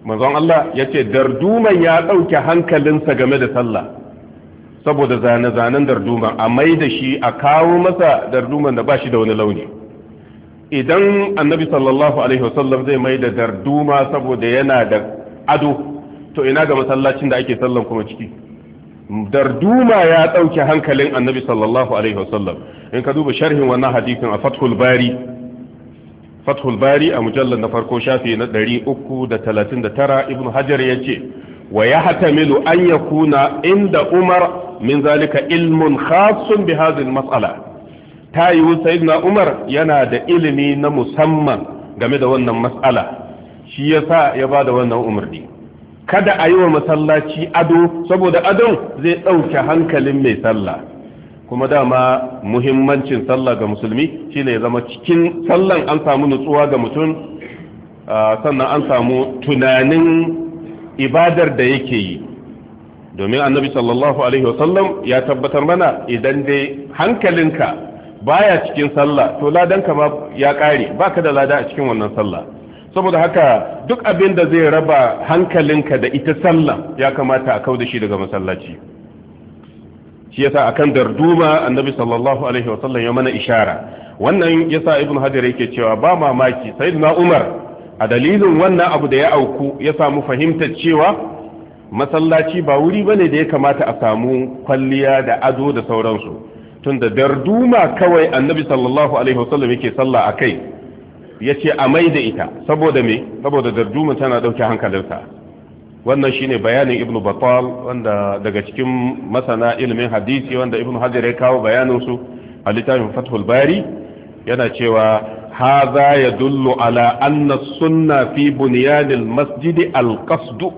S1: manzon Allah yace darduman ya dauke hankalinsa game da sallah saboda zane-zanen darduman a mai da shi a kawo masa darduman da bashi da wani launi idan annabi sallallahu alaihi wasallam zai mai da darduma saboda yana da ado to ina ga masallacin da ake sallan kuma ciki darduma ya ɗauke hankalin annabi sallallahu alaihi wasallam in ka duba sharhin wannan hadisin a fathul bari fathul bari a mujallar na farko shafi na tara ibn hajar ya ce wa ya milu an yakuna inda umar min zalika ilmun khasun bi hazin mas'ala ta yiwu sayyidina umar yana da ilimi na musamman game da wannan matsala shi ya sa ya ba da wannan umarni kada a yi wa masallaci ado saboda adon zai ɗauke hankalin mai sallah kuma dama muhimmancin sallah ga musulmi shi ne zama cikin sallan an samu nutsuwa ga mutum sannan an samu tunanin ibadar da yake yi domin annabi sallallahu alaihi wasallam ya tabbatar mana idan dai hankalinka baya cikin sallah to ladan ka ya kare baka da lada a cikin wannan sallah saboda haka duk abin da zai raba hankalinka da ita sallah ya kamata a kauda shi daga masallaci shi yasa akan darduma annabi sallallahu alaihi wasallam ya mana ishara wannan yasa ibnu hajar yake cewa ba mamaki sayyidina umar a dalilin wannan abu da ya auku ya samu fahimtar cewa masallaci ba wuri bane da ya kamata a samu kwalliya da ado da sauransu tunda darduma kawai annabi sallallahu alaihi wasallam yake sallah a kai ya ce a mai da ita saboda me saboda darduma tana ɗauke hankalinsa wannan shine bayanin ibn batal wanda daga cikin masana ilimin hadisi wanda ibn hajar ya kawo bayanin su a littafin fathul bari yana cewa hadha yadullu ala anna sunna fi bunyanil masjidi alqasdu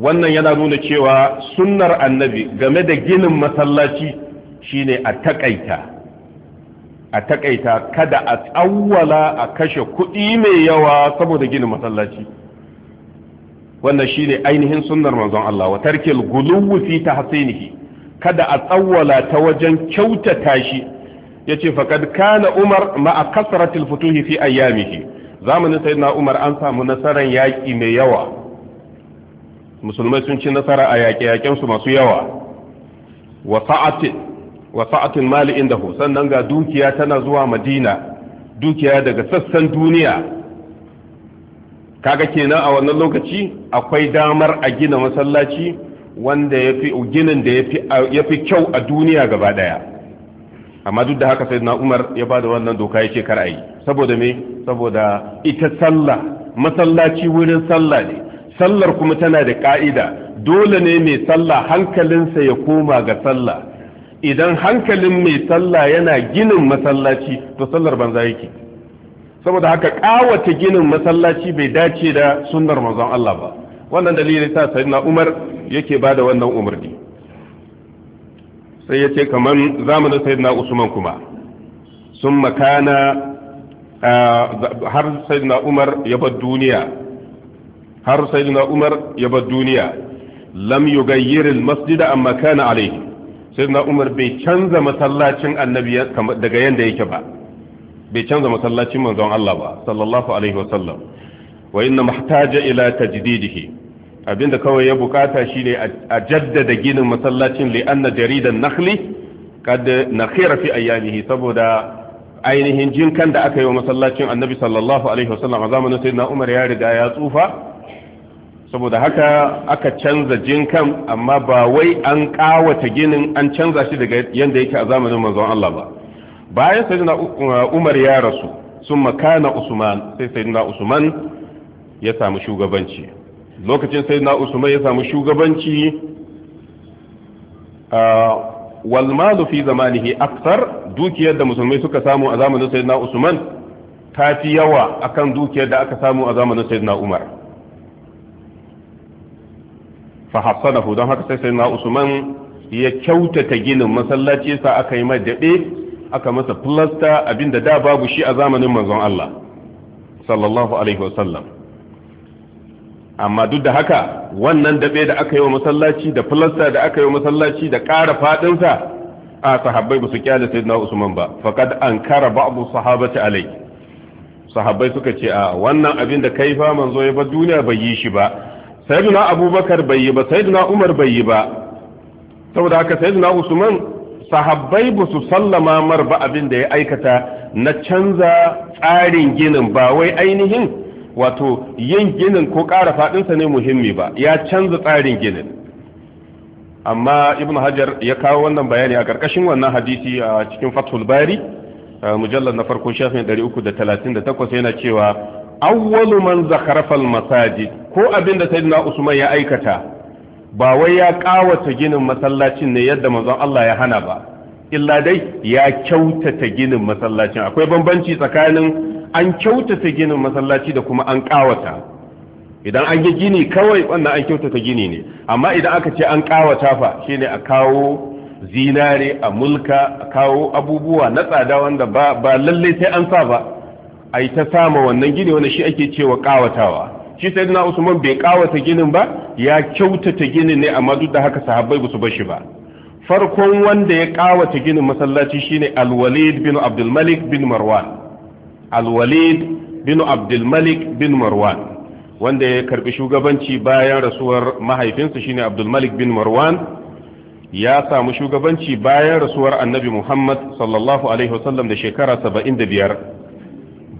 S1: wannan yana nuna cewa sunnar annabi game da ginin masallaci shine a takaita a takaita kada a tsawwala a kashe kuɗi mai yawa saboda ginin masallaci wannan shine ainihin sunnar manzon Allah wa tarkil guluwu fi tahsinihi kada a tsawwala ta wajen kyautata shi yace faqad kana Umar ma'a kasratil futuhi fi ayyamihi zamanin sayyidina Umar an samu nasaran yaki mai yawa musulmai sun ci nasara a yaƙe-yaƙensu masu yawa wa sa'atin wa sa'atul mali indahu sannan ga dukiya tana zuwa madina dukiya daga sassan duniya kaga kenan a wannan lokaci akwai damar a gina masallaci wanda ya fi ginin da ya fi kyau a duniya gaba daya amma duk da haka sayyidina umar ya bada wannan doka ya ce kar a saboda me saboda ita sallah masallaci wurin sallah ne sallar kuma tana da ka'ida dole ne mai sallah hankalinsa ya koma ga sallah idan hankalin mai sallah yana ginin masallaci to sallar banza yake saboda haka kawata ginin masallaci bai dace da sunnar manzon Allah ba wannan dalilin sa sayyidina Umar yake bada wannan umarni sai yace kaman zamanin sayyidina Usman kuma sun makana har sayyidina Umar ya bar duniya har sayyidina Umar ya bar duniya lam yughayyir al-masjid amma kana alayhi sai na'umar umar bai canza masallacin annabi daga yanda yake ba bai canza masallacin manzon Allah ba sallallahu alaihi wasallam wa inna mahtaja ila tajdidihi abinda kawai ya bukata shine a jaddada ginin masallacin li anna jaridan nakhli kad nakhira fi ayyamihi saboda ainihin jinkan da aka yi wa masallacin annabi sallallahu alaihi wasallam a zamanin sayyidina umar ya riga ya tsufa saboda haka aka canza jinkan amma ba wai an kawata ginin an canza shi daga yadda yake a zamanin manzon Allah ba bayan sayyidina uh, Umar ya rasu sun makana Usman sai sayyidina Usman ya samu shugabanci lokacin sayyidina Usman ya samu shugabanci uh, wal malu fi zamanihi akthar dukiyar da musulmai suka samu a zamanin sayyidina Usman ta fi yawa akan dukiyar da aka samu a zamanin sayyidina Umar fa hassanahu don haka sai sayyidina usman ya kyautata ginin masallaci sa aka yi mai daɗe aka masa plasta abinda da babu shi a zamanin manzon Allah sallallahu alaihi wasallam amma duk da haka wannan daɓe da aka yi wa masallaci da plasta da aka yi wa masallaci da ƙara faɗinsa a sahabbai ba su kyale sayyidina usman ba faqad ankara ba'd sahabati alai sahabbai suka ce a wannan abin da kai fa manzo ya ba duniya bai yi shi ba sayyiduna abubakar bai yi ba sayyiduna umar bai yi ba saboda haka saiduna usman sahabbai ba su sallama mar ba abin da ya aikata na canza tsarin ginin ba wai ainihin wato yin ginin ko ƙara faɗinsa ne muhimmi ba ya canza tsarin ginin amma ibn hajar ya kawo wannan bayani a ƙarƙashin wannan hadisi a cikin fathul bari mujallar na farko shafin 338 yana cewa awwalu man zakarfal masajid ko abin da sayyidina usman ya aikata ba wai ya kawata ginin masallacin ne yadda manzon Allah ya hana ba illa dai ya kyautata ginin masallacin akwai bambanci tsakanin an kyautata ginin masallaci da kuma an kawata idan an yi gini kawai wannan an kyautata gini ne amma idan aka ce an kawata fa shine a kawo zinare a mulka a kawo abubuwa na tsada wanda ba lalle sai an sa ba a yi ta sama wannan gini wanda shi ake cewa kawatawa shi sai na usman bai kawata ginin ba ya kyautata ginin ne amma duk da haka sahabbai ba su bar shi ba farkon wanda ya kawata ginin masallaci shine alwalid bin abdulmalik bin marwan alwalid bin abdulmalik bin marwan wanda ya karbi shugabanci bayan rasuwar mahaifinsa shine abdulmalik bin marwan ya samu shugabanci bayan rasuwar annabi muhammad sallallahu alaihi wasallam da shekara 75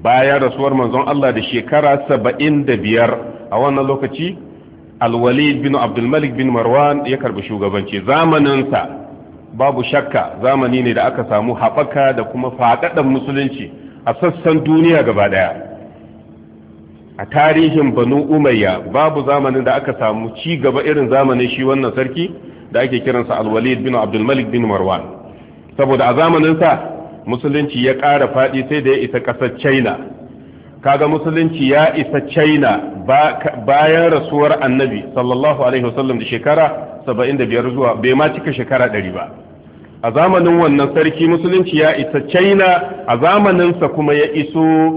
S1: bayan rasuwar manzon Allah da shekara saba'in da biyar a wannan lokaci alwalid bin abdulmalik bin marwan ya karbi shugabanci zamaninsa babu shakka zamani ne da aka samu haɓaka da kuma faɗaɗan musulunci a sassan duniya gaba ɗaya a tarihin banu umayya babu zamanin da aka samu ci gaba irin zamanin shi wannan sarki da ake kiransa alwalid bin abdulmalik bin marwan saboda a zamaninsa musulunci ya ƙara faɗi sai da ya isa ƙasar china kaga musulunci ya isa china bayan rasuwar annabi sallallahu alaihi wasallam da shekara 75 zuwa bai ma cika shekara 100 ba a zamanin wannan sarki musulunci ya isa china a zamaninsa kuma ya iso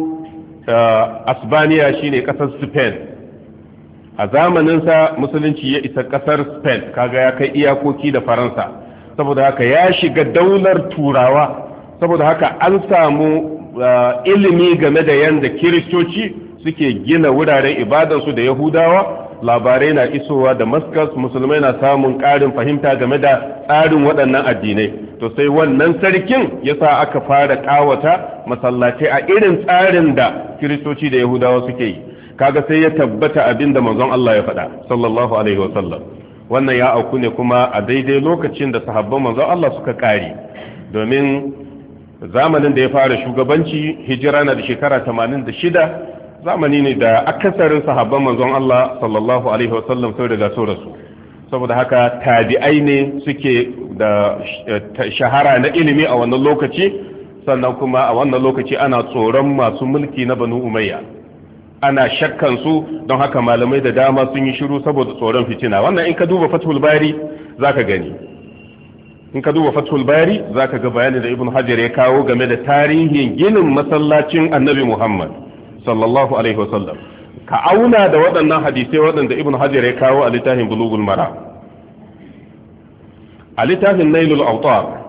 S1: uh, asbaniya shine ƙasar spain a zamaninsa musulunci ya isa kasar spain kaga ya kai iyakoki da faransa saboda haka ya shiga daular turawa saboda haka an samu ah, ilimi game da yadda kiristoci suke gina wuraren ibadansu da yahudawa labarai na isowa da maskas musulmai na samun ƙarin fahimta game da tsarin waɗannan addinai to sai wannan sarkin ya sa aka fara ƙawata masallatai a irin tsarin da kiristoci da yahudawa suke yi kaga sai ya tabbata abin da manzon Allah ya faɗa sallallahu alaihi wa sallam wannan ya auku ne kuma a daidai lokacin da sahabban manzon Allah suka ƙare domin zamanin da ya fara shugabanci hijira na da shekara 86 zamani ne da akasarin sahabban manzon Allah sallallahu alaihi wasallam sai daga so rasu saboda haka tabi'ai ne suke da eh, shahara na ilimi a wannan lokaci sannan kuma a wannan lokaci ana tsoron masu mulki na banu umayya ana shakkan su don haka malamai da dama sun yi shiru saboda tsoron fitina wannan in ka duba fathul bari zaka gani in ka duba fathul bari za ka ga bayanin da ibn hajar ya kawo game da tarihin ginin masallacin annabi muhammad sallallahu alaihi wasallam ka auna da waɗannan hadisai waɗanda ibn hajar ya kawo a littafin bulugul mara a littafin nailul autar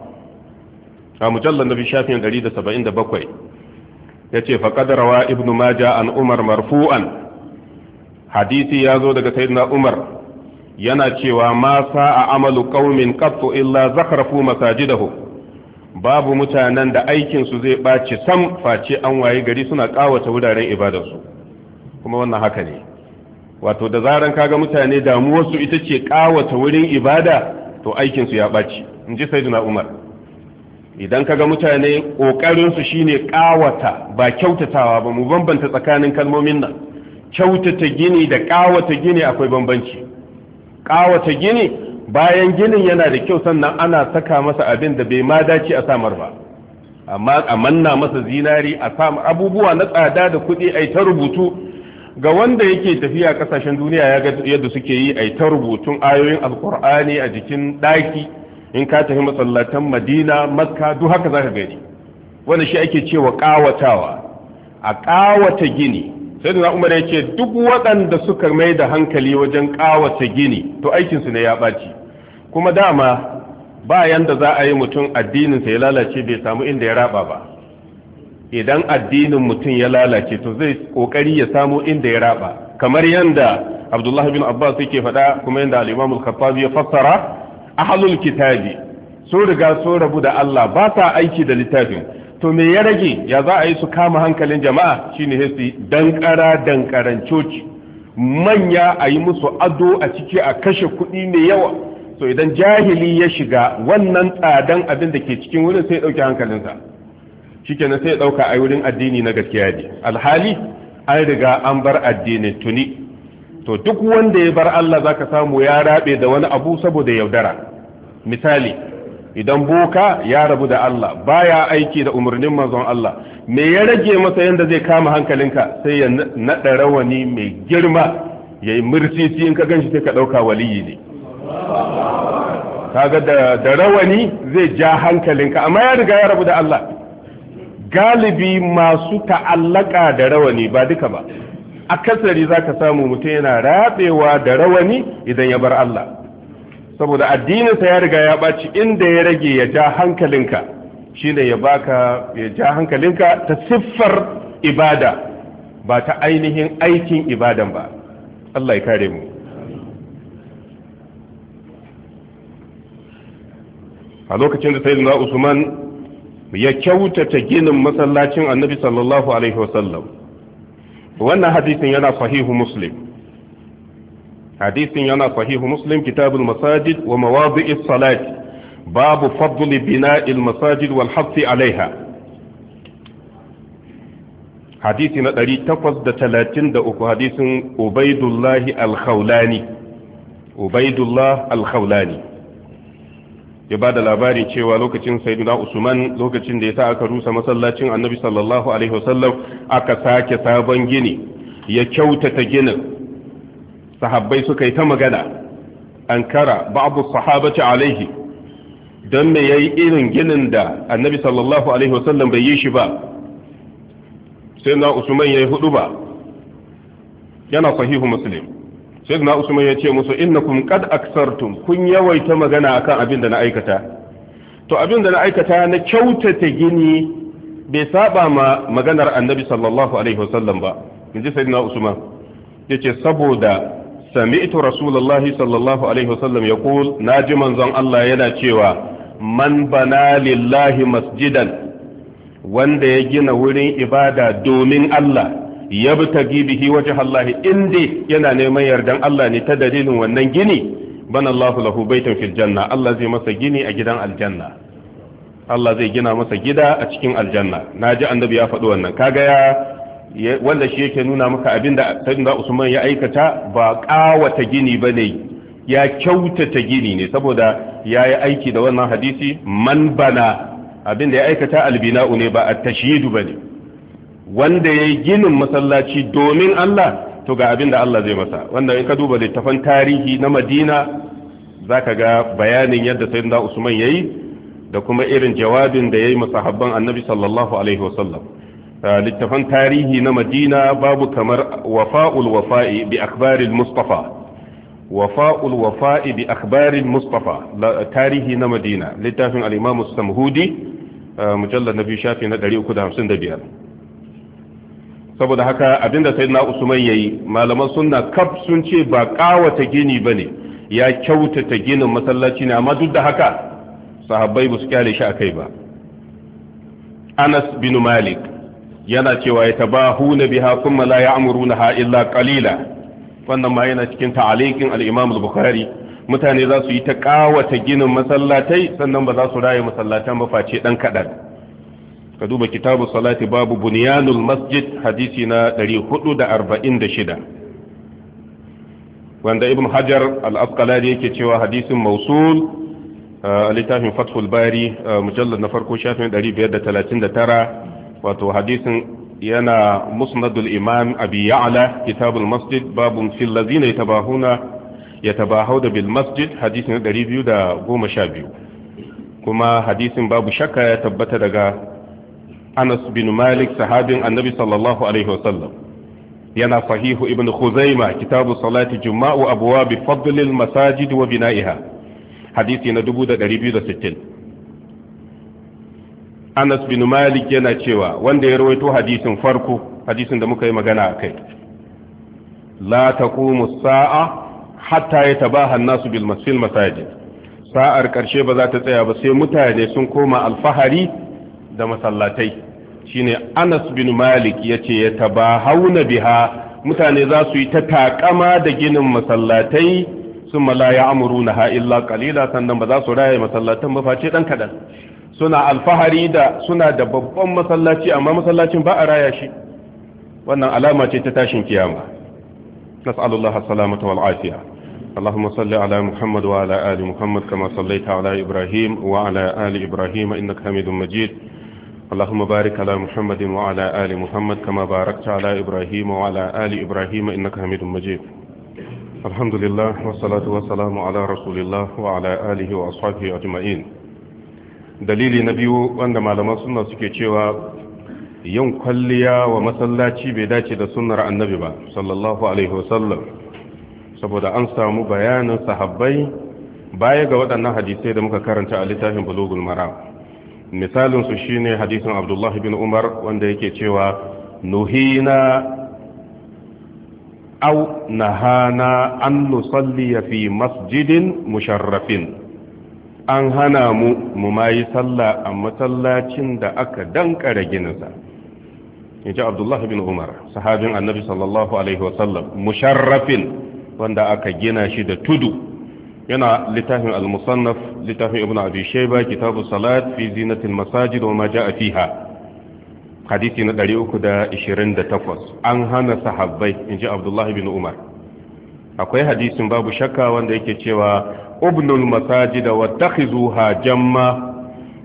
S1: a mujallar nabi shafin 177 ya ce faƙadarawa ibn maja an umar marfu'an hadisi ya zo daga sayyidina umar yana cewa ma a amalu qaumin qattu illa zakhrafu masajidahu babu mutanen da aikin su zai baci sam face an waye gari suna ƙawata wuraren su kuma wannan haka ne wato da zaran kaga mutane su ita ce ƙawata wurin ibada to aikin su ya baci in ji sayyidina umar idan kaga mutane ƙoƙarinsu su shine ƙawata ba kyautatawa ba mu bambanta tsakanin kalmomin nan kyautata gini da ƙawata gini akwai bambanci kawata gini bayan ginin yana da kyau sannan ana saka masa abin da bai ma dace a samar ba amma a manna masa zinari a samu abubuwa na tsada da kuɗi a ta rubutu ga wanda yake tafiya ƙasashen duniya ya ga yadda suke yi a ta rubutun ayoyin alkur'ani a jikin ɗaki in ka tafi masallatan madina makka duk haka zaka gani wanda shi ake cewa ƙawatawa a ƙawata gini sai da umar ya ce duk waɗanda suka mai da hankali wajen ƙawata gini to aikinsu ne ya ɓaci kuma dama bayan da za a yi mutum addininsa ya lalace bai samu inda ya raba ba idan addinin mutum ya lalace to zai ƙoƙari ya samu inda ya raba kamar yadda abdullahi bin abbas yake faɗa kuma yadda al'imamu al ya fassara ahlul kitabi sun riga sun rabu da allah ba sa aiki da littafin to me ya rage ya za a yi su kama hankalin jama'a shine hesi dankara dankaran coci manya a yi musu ado a ciki a kashe kuɗi mai yawa so idan jahili ya shiga wannan tsadan abin da ke cikin wurin sai ɗauki hankalinsa ke sai ɗauka a wurin addini na gaskiya ne alhali an riga an bar addinin tuni to duk wanda ya bar Allah zaka samu ya rabe da wani abu saboda yaudara misali idan boka ya rabu da Allah baya aiki da umarnin manzon Allah me ya rage masa yanda zai kama hankalinka sai ya naɗa rawani mai girma ya yi in ka ganshi sai ka ɗauka waliyi ne kaga da da rawani zai ja hankalinka amma ya riga ya rabu da Allah galibi masu ta'allaka da rawani ba duka ba akasari zaka samu mutum yana rabewa da rawani idan ya bar Allah saboda addininsa ya riga ya ɓaci inda ya rage ya ja hankalinka shine ya baka ya ja hankalinka ta siffar ibada ba ta ainihin aikin ibadan ba Allah ya kare mu a lokacin da sayyidina Usman ya kyautata ginin masallacin Annabi sallallahu alaihi wasallam wannan hadisin yana sahihu Muslim hadisin yana sahihu muslim kitabul masajid wa mawadi'is salat babu fadli bina'il masajid wal hafi alaiha hadisi na 833 hadisin ubaidullah al-khawlani ubaidullah al-khawlani ya ba da labarin cewa lokacin sayyidina usman lokacin da ya sa aka rusa masallacin annabi sallallahu alaihi wasallam aka sake sabon gini ya kyautata ginin sahabbai suka yi ta magana an kara ba'abu sahabati alaihi don me ya yi irin ginin da annabi sallallahu alaihi wasallam bai yi shi ba sai na usman yi hudu ba yana sahihu muslim sai na usman ya ce musu innakum qad aksartum kun yawaita magana akan abin da na aikata to abin da na aikata na kyautata gini bai saba ma maganar annabi sallallahu alaihi wasallam ba in ji sayyidina usman ce saboda سمعت رسول الله صلى الله عليه وسلم يقول ناجي منزon Allah yana cewa man bana lillahi masjidan wanda ya gina wurin ibada domin Allah ya bi bihi wajh Allah inda yana neman yardan Allah ne ta dalilin wannan gini bana Allah zai masa Allah zai gina masa gida a cikin aljanna naji annabi ya faɗi wannan kaga ya wanda shi yake nuna maka abin da sayyidina usman ya aikata ba kawata gini ba ne ya kyautata gini ne saboda ya yi aiki da wannan hadisi man bana abin da ya aikata albina'u ne ba a tashidu ba ne wanda ya yi ginin masallaci domin allah to ga abin da allah zai masa wanda in ka duba littafan tarihi na madina za ka ga bayanin yadda sayyidina usman ya yi da kuma irin jawabin da ya yi masahabban annabi sallallahu alaihi wasallam littafan tarihi na madina babu kamar wafa'ul wafa'i bi akhbaril mustafa wafa'ul wafa'i bi akhbaril mustafa tarihi na madina littafin al-imam samhudi mujallad na biyu shafi na 355 saboda haka abinda sai na usman yayi malaman sunna kaf sun ce ba kawata gini bane ya kyautata ginin masallaci ne amma duk da haka sahabbai ba su kyale shi akai ba Anas bin Malik yana cewa ya tabahuna biha kuma la ha illa kalila wannan ma yana cikin ta'alikin al-Imam al-Bukhari mutane za su yi ta kawata ginin masallatai sannan ba za su raye masallatan ba face dan kadan ka duba kitabu salati babu bunyanul masjid hadisi na 446 wanda ibn hajar al-asqalani yake cewa hadisin mausul a littafin fathul bari mujallar na farko shafin 539 wato hadisin yana musnadul imam abi ya'la kitabul masjid babun fil ladina yatabahuna yatabahawda bil masjid hadisin 212 kuma hadisin babu shakka ya tabbata daga Anas bin Malik sahabin Annabi sallallahu alaihi wasallam yana sahihu ibn Khuzaima kitabu salati juma'a wa bi fadl al masajid wa bina'iha hadisi na 2260 Anas bin Malik yana cewa wanda ya rawaito hadisin farko hadisin da muka yi magana a kai la taqumu sa'a hatta yatabaha an-nasu bil masjid masajid sa'ar karshe ba za ta tsaya ba sai mutane sun koma alfahari da masallatai shine Anas bin Malik yace yatabahawna biha mutane za su yi ta takama da ginin masallatai sun malaya amuru na ha'illa kalila sannan ba za su raye masallatan ba face dan kadan suna alfahari da suna da babban masallaci amma masallacin ba raya shi wannan alama ce ta tashin kiyama nas'alu Allah salamata wal Allahumma salli ala Muhammad wa ala ali Muhammad kama sallaita ala Ibrahim wa ala ali Ibrahim innaka Hamidum Majid Allahumma barik ala Muhammad wa ala ali Muhammad kama barakta ala Ibrahim wa ala ali Ibrahim innaka Hamidum Majid Alhamdulillah wa salatu wa salamu wa ala wa ashabihi ajma'in dalili na biyu wanda malaman sunna suke cewa yin kwalliya wa masallaci bai dace da sunnar annabi ba sallallahu alaihi wasallam saboda an samu bayanin sahabbai baya ga waɗannan hadisai da muka karanta a littafin bulugul maram misalin su shine hadisin abdullah bin umar wanda yake cewa nuhina au nahana an nusalli fi masjidin musharrafin an hana mu mu ma yi sallah a masallacin da aka dankare gininsa in ji abdullahi bin umar sahabin annabi sallallahu alaihi wasallam musharrafin wanda aka gina shi da tudu yana littafin al-musannaf littafin ibn abi shayba kitabu salat fi zinatil masajid wa ma jaa fiha hadisi na 328 an hana sahabbai in ji abdullahi bin umar akwai hadisin babu shakka wanda yake cewa ubnul masajida wattakhizuha jamma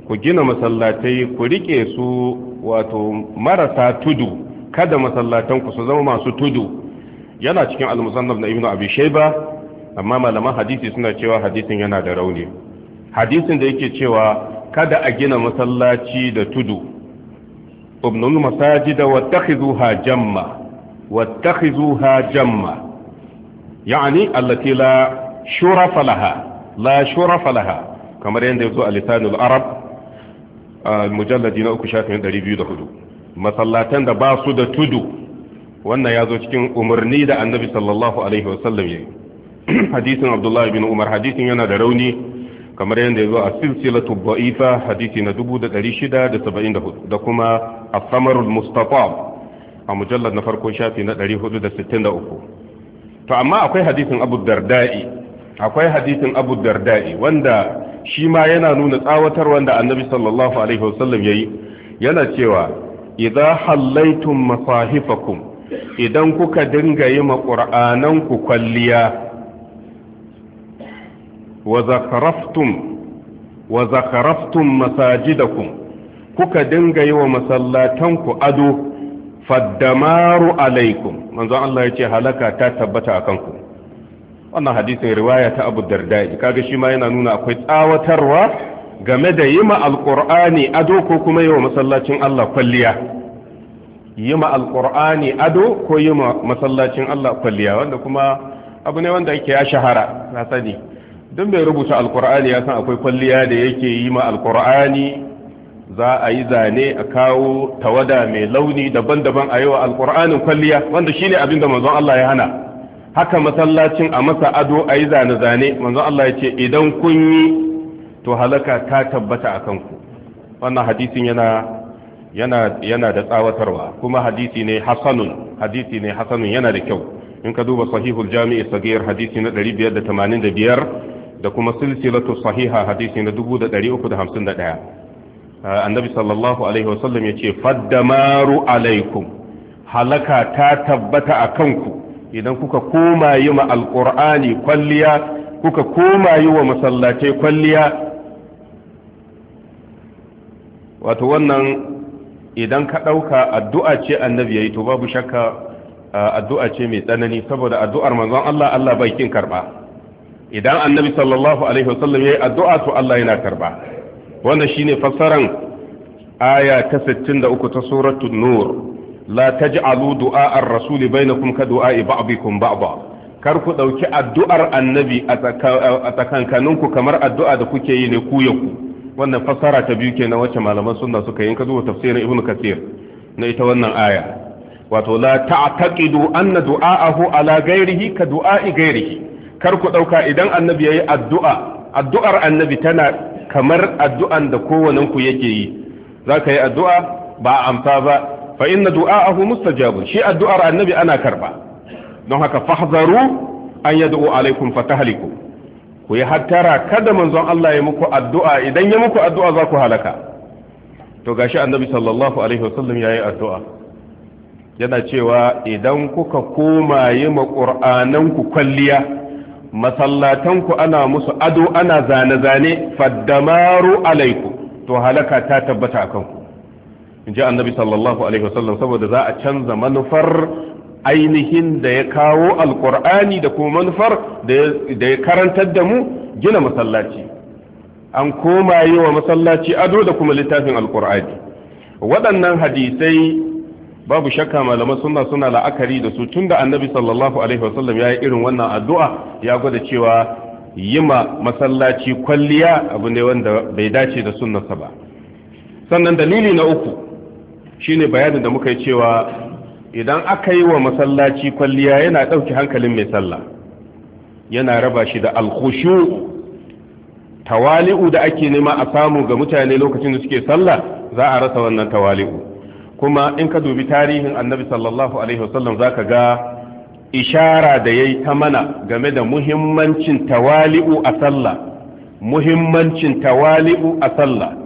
S1: ku gina masallatai ku rike su wato marasa tudu kada masallatan ku su zama masu tudu yana cikin al-musannaf na ibnu abi shayba amma malaman hadisi suna cewa hadisin yana da rauni hadisin da yake cewa kada a gina masallaci da tudu ubnul masajida wattakhizuha jamma wattakhizuha jamma yani allati la shurafa laha la shurafa laha kamar yadda ya zo a lisanul arab mujalladi na uku shafin 204 masallatan da ba su da tudu wannan ya zo cikin umarni da annabi sallallahu alaihi wasallam ya yi hadisin abdullahi bin umar hadisin yana da rauni kamar yadda ya zo a silsilatu ba'ifa hadisi na 674 da kuma a asamarul mustapha a mujallar na farkon shafi na 463 to amma akwai hadisin abu dardai akwai hadisin abu dardai wanda shi ma yana nuna tsawatar wanda annabi sallallahu alaihi wasallam yayi yana cewa idza hallaitum masahifakum idan kuka dinga yi maƙur'anan ku kwalliya wa zakaraftum wa zakaraftum kuka dinga yi wa masallatanku ado faddamaru alaikum manzo Allah yace ce halaka ta tabbata akan ku wannan hadisin riwaya ta abu dardai kaga shi ma yana nuna akwai tsawatarwa game da yi ma alƙur'ani ado ko kuma yi wa masallacin Allah kwalliya yi ma alƙur'ani ado ko yi ma masallacin Allah kwalliya wanda kuma abu ne wanda yake ya shahara na sani don bai rubuta alƙur'ani ya san akwai kwalliya da yake yi ma alƙur'ani za a yi zane a kawo tawada mai launi daban-daban a yi wa alƙur'anin kwalliya wanda shine abin da manzon Allah ya hana haka masallacin a masa ado a yi zane-zane manzo Allah ya ce idan kun yi to halaka ta tabbata a kanku wannan hadisin yana yana yana da tsawatarwa kuma hadisi ne hasanun hadisi ne hasanun yana da kyau in ka duba sahihul jami'i sagir hadisi na 585 da kuma silsilatu sahiha hadisi na 351 uh, annabi sallallahu alaihi wasallam ya ce faddamaru alaikum halaka ta tabbata a kanku idan kuka koma yi ma alqur'ani kwalliya kuka koma yi wa masallatai kwalliya wato wannan idan ka ɗauka addu'a ce annabi yayi to babu shakka addu'a ce mai tsanani saboda addu'ar manzon Allah Allah bai kin karba idan annabi sallallahu alaihi wasallam yayi addu'a to Allah yana karba wannan shine fassaran aya ta 63 ta suratul nur la taj'alu du'a ar-rasul bainakum ka du'a ba'dikum ba'da kar ku ɗauki addu'ar annabi a tsakankaninku kamar addu'a da kuke yi ne ku ya ku wannan fassara ta biyu kenan wacce malaman sunna suka yi ka zo tafsirin ibn kathir na ita wannan aya wato la ta'taqidu anna du'a'ahu ala ghairihi ka du'a'i ghairihi kar ku ɗauka idan annabi yayi addu'a addu'ar annabi tana kamar addu'an da kowannen ku yake yi zaka yi addu'a ba amsa ba fa inna du'a'ahu mustajabun shi addu'ar annabi ana karba don haka fahzaru an yad'u alaikum fatahliku ku yi hattara kada manzon Allah ya muku addu'a idan ya muku addu'a za ku halaka to gashi annabi sallallahu alaihi wasallam yayi addu'a yana cewa idan kuka koma yi ku kwalliya masallatanku ana musu ado ana zane-zane faddamaru alaiku to halaka ta tabbata a kanku in ji annabi sallallahu alaihi wasallam saboda za a canza manufar ainihin da ya kawo alkur'ani da kuma manufar da ya karantar da mu gina masallaci an koma yi wa masallaci ado da kuma littafin alkur'ani waɗannan hadisai babu shakka malamai suna suna la'akari da su tunda annabi sallallahu alaihi wasallam ya yi irin wannan addu'a ya gwada cewa yi ma masallaci kwalliya abu ne wanda bai dace da sunnarsa ba sannan dalili na uku shine bayanin da muka yi cewa idan aka yi wa masallaci kwalliya yana ɗauki hankalin mai sallah yana raba shi da alkhushu tawali'u da ake nema a samu ga mutane lokacin da suke sallah za a rasa wannan tawali'u kuma in ka dubi tarihin annabi sallallahu alaihi wasallam ka ga ishara da yayi ta mana game da muhimmancin tawali'u a sallah muhimmancin tawali'u a sallah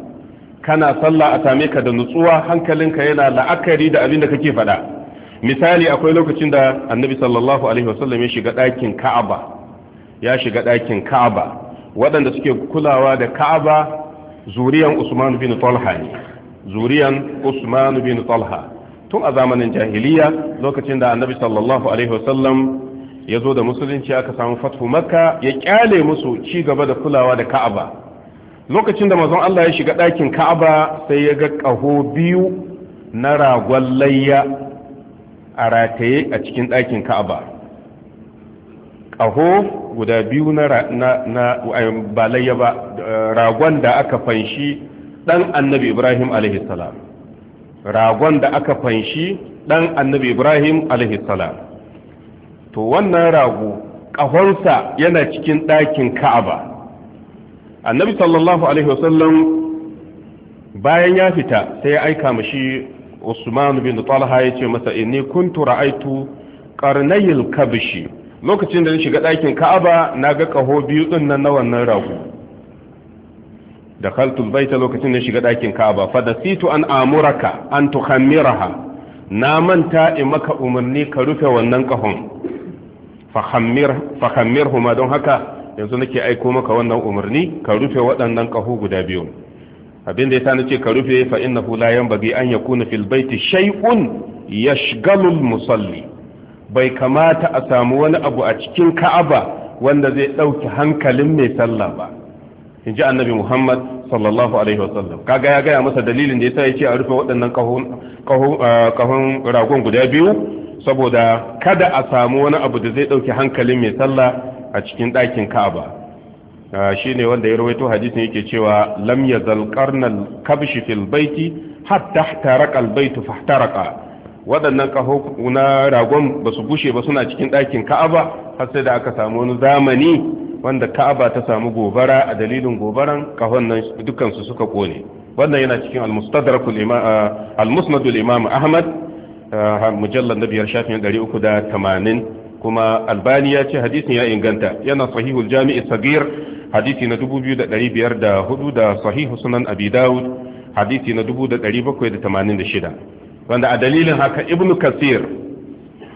S1: kana sallah a same ka da nutsuwa hankalinka yana la'akari da abin da kake faɗa misali akwai lokacin da annabi sallallahu alaihi wasallam ya shiga ɗakin ka'aba ya shiga ɗakin ka'aba waɗanda suke kulawa da ka'aba zuriyan usman bin talha ne zuriyan usman bin talha tun a zamanin jahiliya lokacin da annabi sallallahu alaihi wasallam ya zo da musulunci aka samu fathu makka ya kyale musu ci gaba da kulawa da ka'aba lokacin da mazan Allah ya shiga ɗakin ka'aba sai ya ga ƙaho biyu na ragon layya a rataye a cikin ɗakin ka'aba ƙaho guda biyu na ba layya ba ragon da aka fanshi ɗan annabi ibrahim salam ragon da aka fanshi ɗan annabi ibrahim salam to wannan rago ƙahonsa yana cikin ɗakin ka'aba annabi sallallahu alaihi wasallam bayan ya fita sai ya aika mashi usman bin talha ya ce masa inni kuntu ra'aitu qarnayil kabshi lokacin da na shiga ɗakin ka'aba na ga ƙaho biyu ɗin nan na wannan rago da kaltul baita lokacin da shiga ɗakin ka'aba fa da situ an amuraka an tuhammiraha na manta in maka umarni ka rufe wannan ƙahon fa hammirhu huma don haka yanzu nake aiko maka wannan umarni ka rufe waɗannan ƙaho guda biyu abin da ya sa ce ka rufe fa innahu la yanbaghi an yakuna fil baiti shay'un yashghalu al musalli bai kamata a samu wani abu a cikin ka'aba wanda zai ɗauki hankalin mai sallah ba in ji annabi muhammad sallallahu alaihi wasallam kaga ya gaya masa dalilin da ya sa ya ce a rufe waɗannan kahon ragon guda biyu saboda kada a samu wani abu da zai ɗauki hankalin mai sallah a cikin ɗakin ka'aba ah, shi ne wanda ya rawaito hadisin yake cewa lam ya zalƙarnar kabshi fil baiti hatta taraka albaitu fahtaraka waɗannan kaho na ragon ba su bushe ba suna cikin ɗakin ka'aba har sai da aka samu wani zamani wanda ka'aba ta samu gobara a dalilin gobaran kahon nan dukansu suka kone wannan yana cikin al-mustadrakul ah, imam ahmad ah, mujallar na biyar shafin 380 kuma albani ya ce hadisin ya inganta yana sahihul jami'i sagir hadisi na 2504 da sahihu sunan abi dawud hadisi na 1786 wanda a dalilin haka ibnu kasir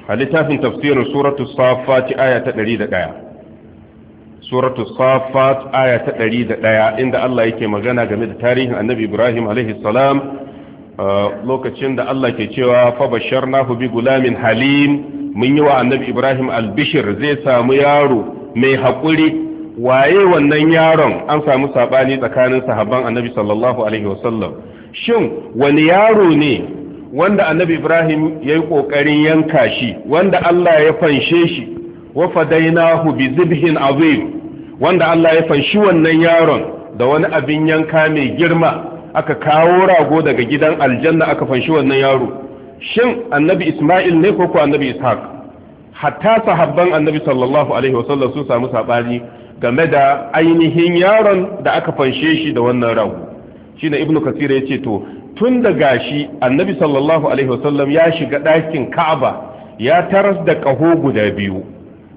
S1: a littafin tafsirin suratu safat aya ta 101 suratu safat aya ta 101 inda Allah yake magana game da tarihin annabi ibrahim alaihi salam uh, lokacin da Allah ke cewa fa basharnahu bi gulamin halim mun yi wa annabi ibrahim albishir zai samu yaro mai haƙuri waye wannan yaron an samu saɓani tsakanin sahabban annabi sallallahu alaihi wasallam shin wani yaro ne wanda annabi ibrahim ya yi ƙoƙarin yanka shi wanda allah ya fanshe shi wa fadainahu bi zibhin azim wanda allah ya fanshi wannan yaron da wani abin yanka mai girma aka kawo rago daga gidan aljanna aka fanshi wannan yaro shin annabi Ismail ne ko ko annabi Ishaq hatta sahabban annabi sallallahu alaihi wasallam sun samu sabani game da ainihin yaron da aka fanshe shi da wannan rahu shine ibnu kasira yace to tun da gashi annabi sallallahu alaihi wasallam ya shiga ɗakin ka'aba ya taras da ƙaho guda biyu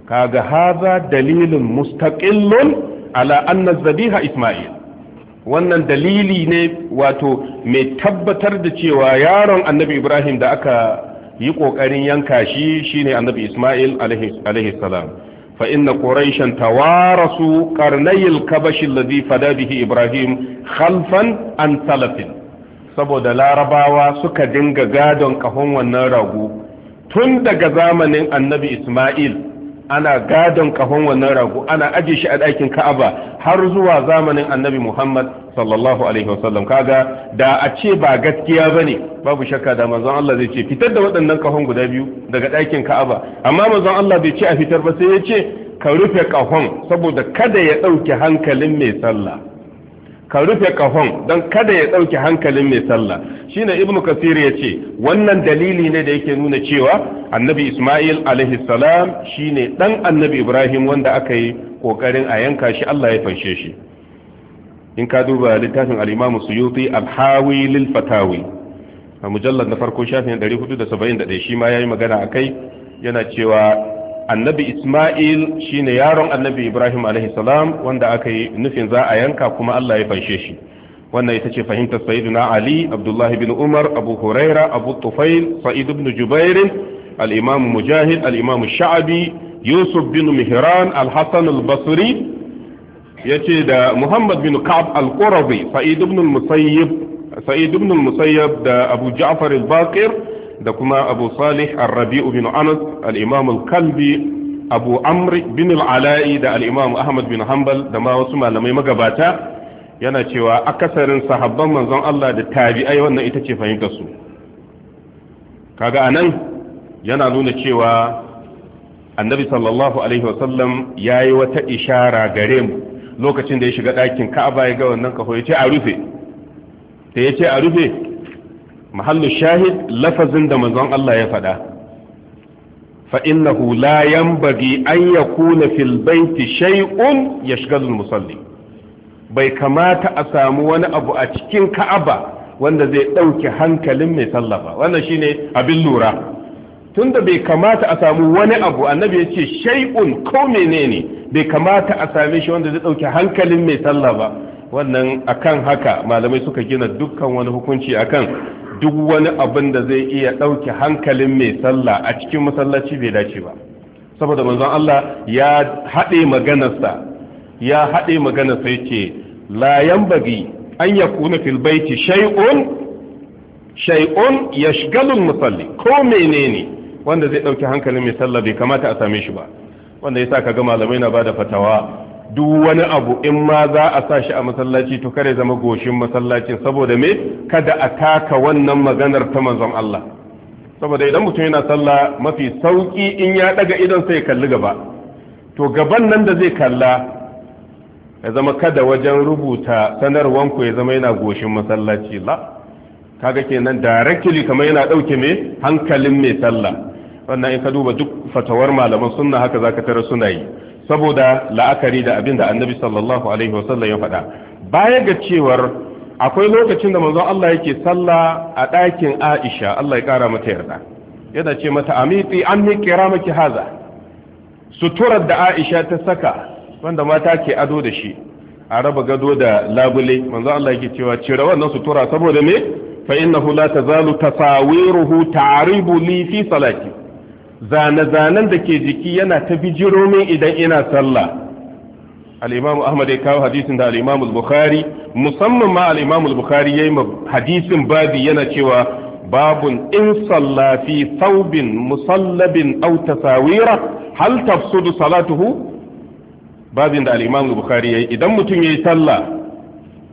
S1: kaga haza dalilin mustaqillun ala anna zabiha isma'il wannan dalili ne wato mai tabbatar da cewa yaron annabi ibrahim da aka yi ƙoƙarin yanka shi shine annabi isma'il alaihi salam fa inna quraishan tawarasu qarnayil kabash alladhi fada bihi ibrahim khalfan an salafin saboda larabawa suka dinga gadon kahon wannan rago tun daga zamanin annabi isma'il ana gadon kafan wannan rago ana aje shi a ɗakin ka'aba har zuwa zamanin annabi muhammad sallallahu alaihi wasallam kaga da a ce ba gaskiya ba ne babu shakka da manzon allah zai ce fitar da waɗannan kafan guda biyu daga ɗakin ka'aba amma manzon allah bai ce a fitar ba sai ya ce ka rufe kafan saboda kada ya ɗauke hankalin mai sallah ka rufe kafon don kada ya ɗauki hankalin mai sallah shine ibnu kasir ya ce wannan dalili ne da yake nuna cewa annabi isma'il alaihi salam shine ɗan annabi ibrahim wanda aka yi ƙoƙarin a yanka shi allah ya fashe shi in ka duba littafin al-imamu suyuti alhawi lil fatawi a mujallar na farko shafin 471 shi ma yi magana akai yana cewa annabi isma'il shine yaron annabi ibrahim alaihi salam wanda aka yi nufin za a yanka kuma allah ya fanshe shi wannan ita ce fahimtar sayyiduna ali abdullahi bin umar abu huraira abu tufail sa'id ibn jubair al-imam mujahid al-imam sha'abi yusuf bin mihran al-hasan al-basri yace da muhammad bin ka'ab al-qurabi sa'id ibn musayyib sa'id ibn musayyib da abu ja'far al-baqir da kuma abu salih ar-rabi'u bin anas al-imam al-kalbi abu Amri, bin al-ala'i da al-imam ahmad bin hanbal da ma wasu malamai magabata yana cewa akasarin sahabban manzon Allah da tabi'ai wannan ita ce fahimtar su kaga anan yana nuna cewa annabi sallallahu alaihi wasallam yayi wata ishara gare mu lokacin da ya shiga ɗakin ka'aba ya ga wannan kafa ya ce a rufe da ya ce a rufe mahallu shahid lafazin da manzon Allah ya faɗa fa hula la yanbaghi an yakuna fil baiti shay'un yashghalu musalli bai kamata a samu wani abu a cikin Ka'aba wanda zai ɗauki hankalin mai sallah wannan shine abin lura tunda bai kamata a samu wani abu annabi ya ce shay'un ko menene bai kamata a same shi wanda zai ɗauki hankalin mai sallah ba wannan akan haka malamai suka gina dukkan wani hukunci akan duk wani abin da zai iya ɗauke hankalin mai sallah a cikin masallaci bai dace ba saboda manzon Allah ya haɗe maganarsa ya haɗe maganarsa yace layan bagi, an yakuna fil baiti shay'un shay'un yashghalu musalli ko menene wanda zai ɗauke hankalin mai sallah bai kamata a same shi ba wanda yasa ga malamai na bada fatawa duk wani abu in ma za a sa shi a masallaci to kare zama goshin masallacin saboda me kada a taka wannan maganar ta manzon Allah saboda idan mutum yana sallah mafi sauki in ya daga idan sai kalli gaba to gaban nan da zai kalla ya zama kada wajen rubuta sanarwan ku ya zama yana goshin masallaci la kaga kenan directly kamar yana dauke me hankalin mai sallah wannan in ka duba duk fatawar malaman sunna haka zaka tara suna yi saboda la'akari da abin da annabi sallallahu alaihi wasallam ya faɗa baya ga cewar akwai lokacin da manzon Allah yake sallah a ɗakin Aisha Allah ya ƙara mata yarda yana ce mata amiti an mi miki haza suturar da Aisha ta saka wanda mata ke ado da shi a raba gado da labule manzon Allah yake cewa cire wannan sutura saboda me fa innahu la tazalu tasawiruhu ta'ribu li fi salati zane-zanen da ke jiki yana ta bijiro min idan ina sallah al'imamu ahmad ya kawo hadisin da al'imamu bukhari musamman ma al'imamu bukhari ya yi hadisin babi yana cewa babun in sallafi saubin musallabin au tasawira hal tafsudu salatuhu babin da al'imamu bukhari ya yi idan mutum ya yi sallah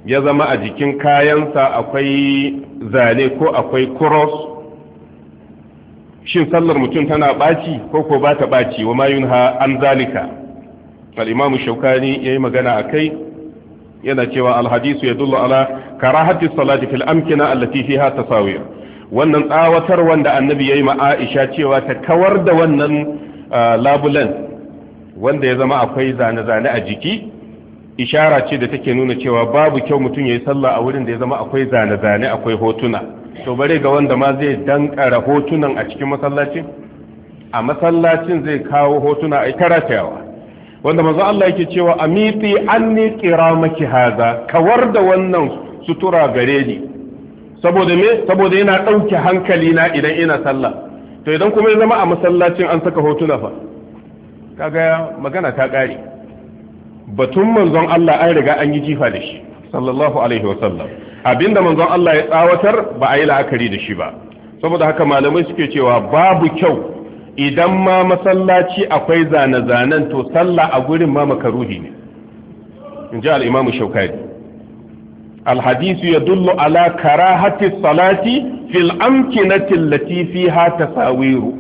S1: ya zama a jikin kayansa akwai zane ko akwai cross shin sallar mutum tana baci ko ko ba ta ɓaci wa mayun ha an zalika al'imamu shaukani ya yi magana a kai yana cewa alhadisu ya dullo ala karahati salati fil amkina allati fiha tasawir wannan tsawatar wanda annabi ya yi ma aisha cewa ta kawar da wannan labulan wanda ya zama akwai zane-zane a jiki ishara ce da take nuna cewa babu kyau mutum ya yi sallah a wurin da ya zama akwai zane-zane akwai hotuna to bare ga wanda ma zai dankara hotunan a cikin masallacin a masallacin zai kawo hotuna a karatayawa wanda manzo Allah yake cewa amiti anni kiramaki haza kawar da wannan sutura gare ni saboda me saboda yana dauke hankali na idan ina sallah to idan kuma ya zama a masallacin an saka hotuna fa kaga magana ta kare batun manzon Allah an riga an yi jifa da shi sallallahu alaihi wasallam abinda manzon Allah ya tsawatar ba a yi la'akari da shi ba saboda haka malamai suke cewa babu kyau idan ma masallaci akwai zane-zanen to sallah a gurin ma makaruhi ne in ji al'imamu shaukari alhadisu ya dullo ala karahati salati fil amkinatin latifi ha tasawiru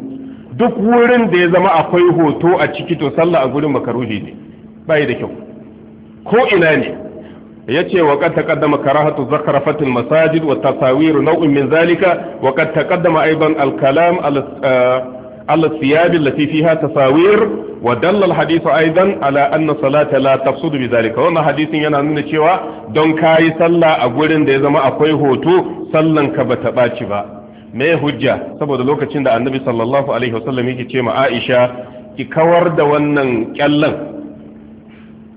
S1: duk wurin da ya zama akwai hoto a ciki to sallah a gurin makaruhi ne bai da kyau ko ina ne yace wa qad taqaddama karahatu zakhrafatil masajid wa tasawir naw'un min zalika wa qad taqaddama aidan al kalam على الثياب التي فيها تصاوير ودل الحديث ايضا على ان صلاه لا تفسد بذلك wannan hadisin yana nuna cewa don kayi sallah a gurin da ya zama akwai hoto sallan ka bata baci ba me hujja saboda lokacin da annabi sallallahu alaihi wasallam yake ce ma Aisha ki kawar da wannan kyallan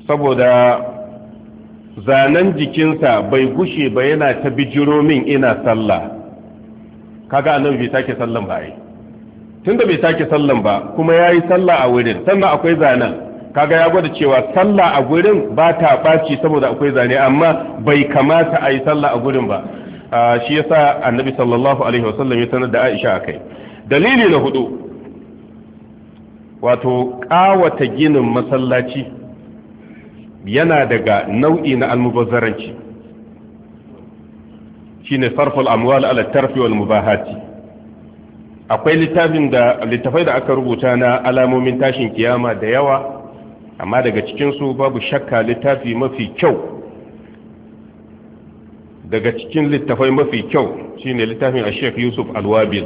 S1: saboda zanen jikinsa bai gushe ba yana ta bijiro min ina sallah kaga annabi bai take sallan ba ai tunda bai take sallan ba kuma yayi sallah a wurin sannan akwai zanen kaga ya gwada cewa sallah a gurin ba ta ɓaci saboda akwai zane amma bai kamata a yi sallah a gurin ba shi yasa annabi sallallahu alaihi wasallam ya sanar da Aisha akai dalili na hudu wato ƙawata ginin masallaci yana daga nau'i na almubazzaranci shi ne sarful amwal ala tarfi mubahati akwai littafin da littafai da aka rubuta na alamomin tashin kiyama da yawa amma daga cikinsu babu shakka littafi mafi kyau daga cikin littafai mafi kyau ne littafin a shek yusuf alwabil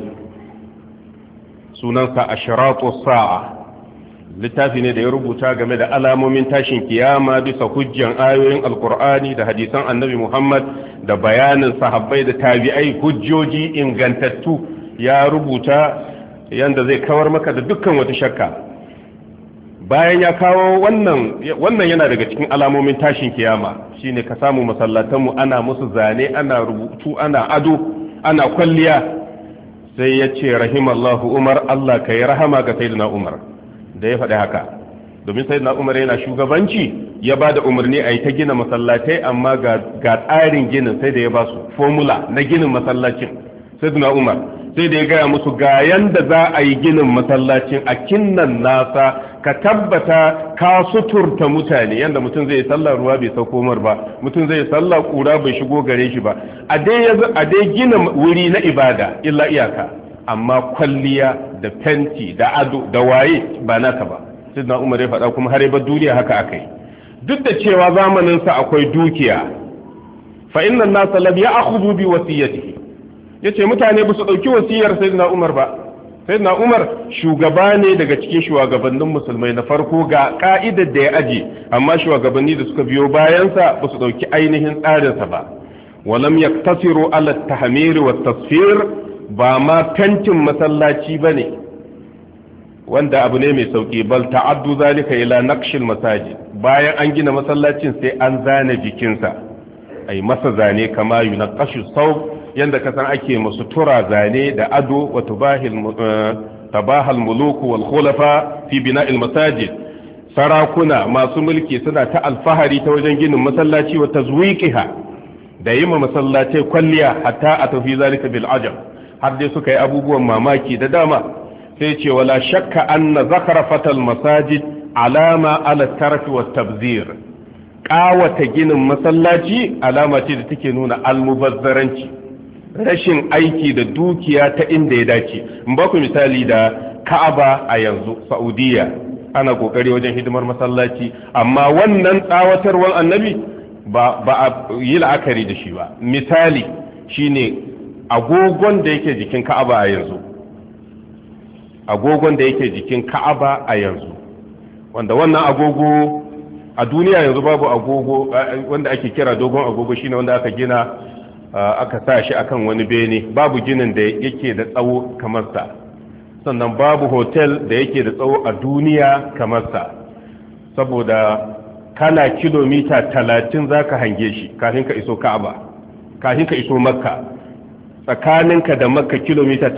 S1: sunansa ashiratu sa'a littafi ne da ya rubuta game da alamomin tashin kiyama bisa hujjan ayoyin alkur'ani da hadisan annabi muhammad da bayanin sahabbai da tabi'ai hujjoji ingantattu ya rubuta yanda zai kawar maka da dukkan wata shakka bayan ya kawo wannan wannan yana daga cikin alamomin tashin kiyama shine ka samu masallatanmu ana musu zane ana rubutu ana ado ana kwalliya sai ya ce rahimallahu umar allah ka yi rahama ga sayyidina umar da ya faɗi haka domin sai na umar yana shugabanci ya ba da umarni a yi ta gina masallatai amma ga tsarin ginin sai da ya ba su formula na ginin masallacin sai na umar sai da ya gaya musu ga yanda za a yi ginin masallacin a kinnan nasa ka tabbata ka suturta mutane yadda mutum zai sallah ruwa bai sauko mar ba mutum zai sallah kura bai shigo gare shi ba a dai gina wuri na ibada illa iyaka amma kwalliya da fenti da ado da waye ba naka ba sidna umar ya faɗa kuma har ba duniya haka akai duk da cewa zamaninsa akwai dukiya fa inna an-nas lam ya'khudhu bi wasiyatihi yace mutane ba su dauki wasiyar sayyidina umar ba sayyidina umar shugaba ne daga cikin shugabannin musulmai na farko ga ka'idar da ya aje amma shugabanni da suka biyo bayansa ba su dauki ainihin sa ba walam yaktasiru ala at-tahmir wa tasfir ba ma fentin masallaci ba ne wanda abu ne mai sauki bal ta'addu zalika ila naqshil masajid bayan an gina masallacin sai an zane jikinsa ai masa zane kama yunqashu saw yanda kasan ake masu tura zane da ado wa tubahil eh, tabahal muluku wal khulafa fi bina'il masajid sarakuna masu mulki suna ta alfahari ta wajen ginin masallaci wa tazwiqiha da ma masallatai kwalliya hatta a tafi zalika bil ajab har dai suka yi abubuwan mamaki da dama sai ce wala shakka anna zakara fatal masajid alama ala tarfi wa tabzir kawata ginin masallaci alama ce da take nuna almubazzaranci rashin aiki da dukiya ta inda ya dace in ba ku misali da ka'aba a yanzu saudiya ana kokari wajen hidimar masallaci amma wannan tsawatarwar annabi ba a yi la'akari da shi ba misali shine agogon da yake jikin ka'aba a yanzu agogon da yake jikin ka'aba a yanzu wanda wannan agogo a duniya yanzu babu agogo eh, wanda ake kira dogon agogo shine wanda aka gina eh, aka sa shi akan wani bene babu ginin da yake da tsawo kamar sa sannan babu hotel da yake da tsawo a duniya kamar sa saboda kana kilomita talatin zaka hange shi kafin ka iso ka'aba kafin ka iso makka tsakanin ka da maka kilomita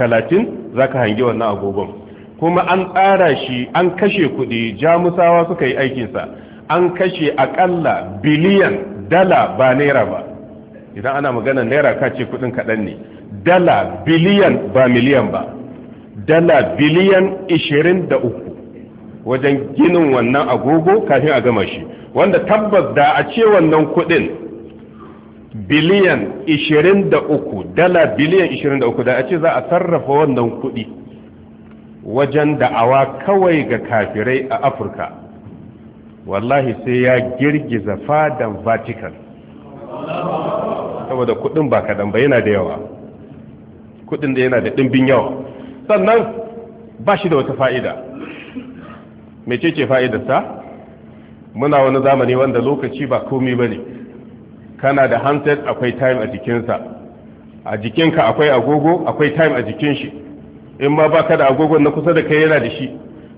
S1: talatin za ka hangi wannan agogon kuma an tsara shi an kashe kuɗi jamusawa suka yi aikinsa an kashe akalla biliyan dala ba naira ba idan ana magana naira ka ce kuɗin kaɗan ne dala biliyan ba miliyan ba dala biliyan ishirin da uku wajen ginin wannan agogo kafin a gama shi wanda tabbas da a ce wannan kuɗin biliyan 23 dala biliyan 23 da a ce za a sarrafa wannan kuɗi wajen da'awa kawai ga kafirai a afirka wallahi sai ya girgiza fadan vatican saboda kuɗin ba kaɗan ba yana da yawa kuɗin da yana da ɗimbin yawa sannan ba shi da wata fa'ida ce ce fa'idarsa muna wani zamani wanda lokaci ba komi ba ne kana da handset akwai time a jikinsa a jikinka akwai agogo akwai time a jikin shi in ma baka da agogon na kusa da kai yana da shi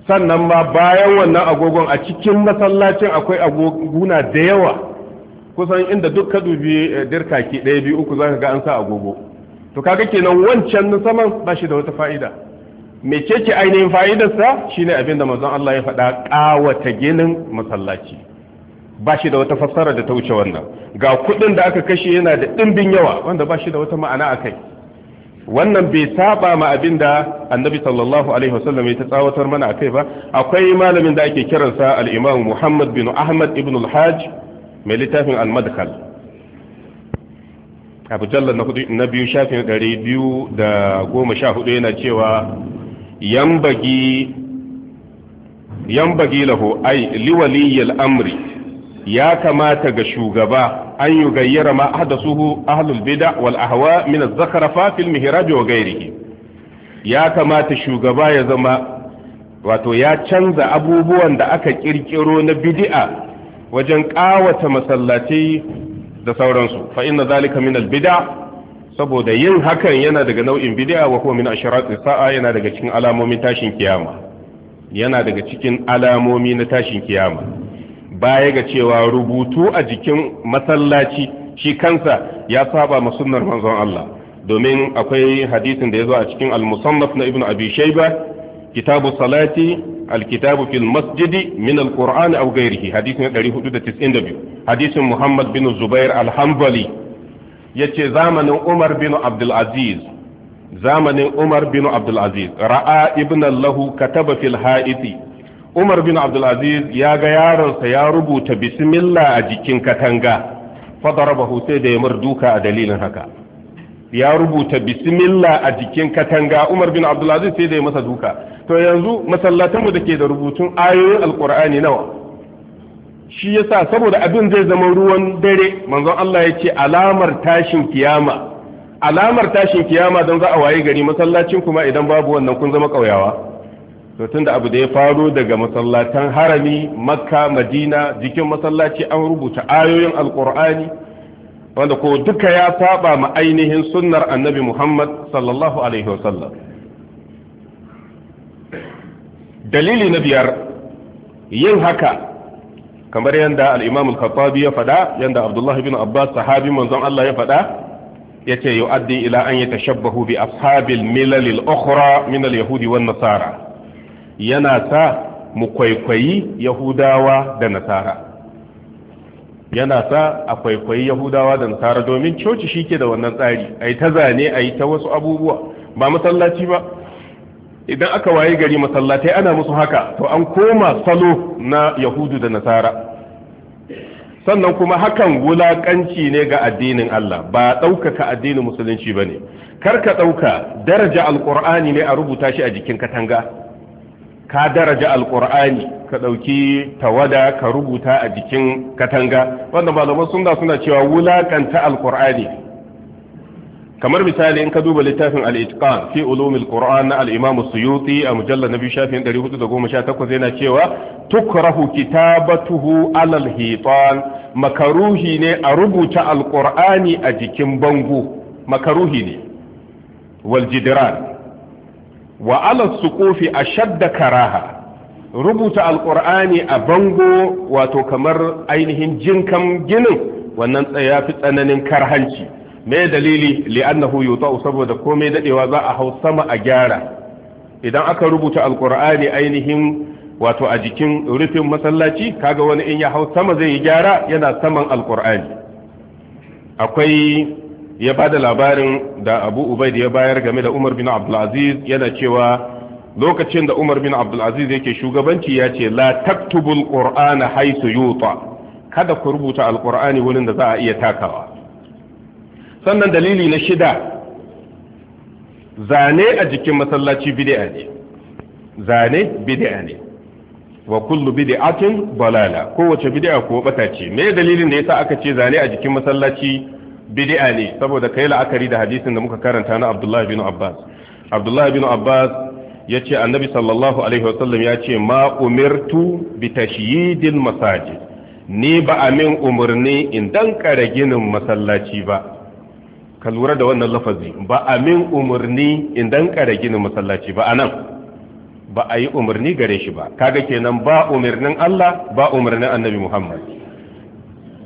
S1: sannan ma bayan wannan agogon a cikin masallacin akwai agoguna da yawa kusan inda duk ka dubi eh, ke ɗaya biyu uku zaka ga an sa agogo to kaga kenan wancan na saman ba shi da wata fa'ida mecece ainihin fa'idarsa shine abin da manzon Allah ya faɗa ƙawata ginin masallaci ba shi da wata fassara da ta wuce wannan ga kudin da aka kashe yana da ɗimbin yawa wanda ba shi da wata ma'ana a kai wannan bai saba ma abin da annabi sallallahu alaihi wasallam ya tsawatar mana a kai ba akwai malamin da ake kiransa al-imam muhammad bin ahmad ibn al-hajj mai littafin al-madkhal abu jalla na hudu na biyu shafin ɗari biyu da goma sha hudu yana cewa yambagi yambagi lahu ai liwaliyil amri ya kamata ga shugaba an yi gayyara ma suhu ahlul bid'a wal ahwa min az-zakhrafa fil wa ghairihi ya kamata shugaba ya zama wato ya canza abubuwan da aka kirkiro na bid'a wajen kawata masallaci da sauransu fa inna zalika min al-bid'a saboda yin hakan yana daga nau'in bid'a wa kuma min asharati sa'a yana daga cikin alamomin tashin kiyama yana daga cikin alamomi na tashin kiyama baya ga cewa rubutu a jikin masallaci shi kansa ya saba ma sunnar manzon Allah domin akwai hadisin da ya zo a cikin al-musannaf na ibnu abi shayba kitabu salati al-kitabu fil masjidi min al-qur'an aw ghayrihi hadisin 492 hadisin muhammad bin zubair al-hanbali yace zamanin umar bin abdul aziz zamanin umar bin abdul aziz ra'a ibn lahu kataba fil ha'iti umar bin abdulaziz ya ga yaronsa ya rubuta bismillah a jikin katanga fadarabahu sai da ya duka a dalilin haka ya rubuta bismillah a jikin katanga umar bin abdulaziz sai da ya masa duka to yanzu masallatanmu da ke da rubutun ayoyin alkur'ani nawa shi yasa saboda abin zai zama ruwan dare manzon Allah ya ce alamar tashin kiyama alamar tashin kiyama don za a waye gari masallacin kuma idan babu wannan kun zama ƙauyawa to tunda abu da ya faro daga masallatan harami makka madina jikin masallaci an rubuta ayoyin alkur'ani wanda ko duka ya saba ma ainihin sunnar annabi muhammad sallallahu alaihi wasallam dalili na biyar yin haka kamar yadda al'imam al-khattabi ya faɗa yadda abdullah bin abbas sahabi manzon allah ya faɗa ya ce yu'addi ila an yi tashabbahu bi ashabil milalil ukhra min al-yahudi wan nasara yana sa mu kwaikwayi yahudawa da nasara yana sa a kwaikwayi yahudawa da nasara domin coci shi ke da wannan tsari a yi ta zane a yi ta wasu abubuwa ba masallaci ba idan aka waye gari masallatai ana musu haka to an koma salo na yahudu da nasara sannan kuma hakan wulakanci ne ga addinin Allah ba ɗaukaka addinin musulunci ba ne kar ka ɗauka daraja alƙur'ani ne a rubuta shi a jikin katanga ka daraja alkur'ani ka ɗauki tawada ka rubuta a jikin katanga wanda malaman sunna suna cewa wulakanta alkur'ani kamar misali in ka duba littafin al-itqan fi ulumil qur'an na al-imam suyuti a mujallal nabi shafin 418 yana cewa tukrahu kitabatuhu alal hitan makaruhi ne a rubuta Alƙur'ani a jikin bango makaruhi ne wal jidran wa ala a shadda karaha rubuta Alkur'ani a bango wato kamar ainihin jinkan ginin wannan ya fi tsananin karhanci me dalili li'annahu yuta'u saboda komai dadewa za a hau sama a gyara idan aka rubuta Alkur'ani ainihin wato a jikin rufin masallaci kaga wani in ya hau sama zai yi gyara yana saman Alkur'ani. akwai ya bada labarin da Abu Ubaid ya bayar game da Umar bin Abdulaziz yana cewa lokacin da Umar bin Abdulaziz yake shugabanci ya ce la taktubul qur'ana haythu yuta kada ku rubuta alqur'ani wurin da za a iya takawa sannan dalili na shida zane a jikin masallaci bid'a ne zane bid'a ne wa kullu bid'atin dalala kowace bid'a ko bata ce me dalilin da yasa aka ce zane a jikin masallaci bid'a ne saboda kai la'akari da hadisin da muka karanta na Abdullah bin Abbas Abdullah bin Abbas yace annabi sallallahu alaihi wasallam yace ma umirtu bi tashyidil masajid ni ba amin umarni in dankare ginin masallaci ba ka lura da wannan lafazi ba amin umarni in dankare ginin masallaci ba anan ba a yi umarni gare shi ba kaga kenan ba umarnin Allah ba umarnin annabi Muhammad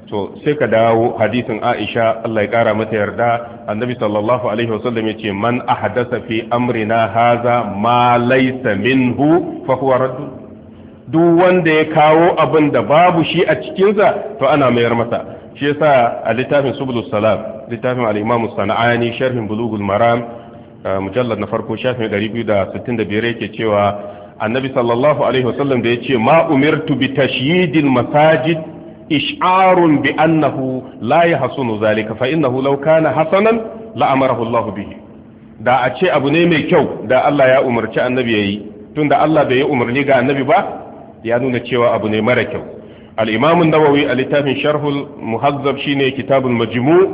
S1: to sai ka dawo hadisin Aisha Allah ya kara mata yarda annabi sallallahu alaihi wasallam yace man ahdasa fi amrina haza ma laysa minhu fa huwa radd duk wanda ya kawo abin da babu shi a cikinsa to ana mayar masa shi yasa a littafin subulus salam littafin al-imam sana'ani sharhin bulugul maram mujallad na farko shafin 265 yake cewa annabi sallallahu alaihi wasallam da yace ma umirtu bi tashyidil masajid ish'arun bi annahu la yahsunu zalika fa innahu law kana hasanan la amarahu Allah bihi da a ce abu ne mai kyau da Allah ya umarci annabi yayi tunda Allah bai yi umarni ga annabi ba ya nuna cewa abu ne mara kyau Al'imamin imam an a littafin sharhul muhazzab shine kitabul majmu'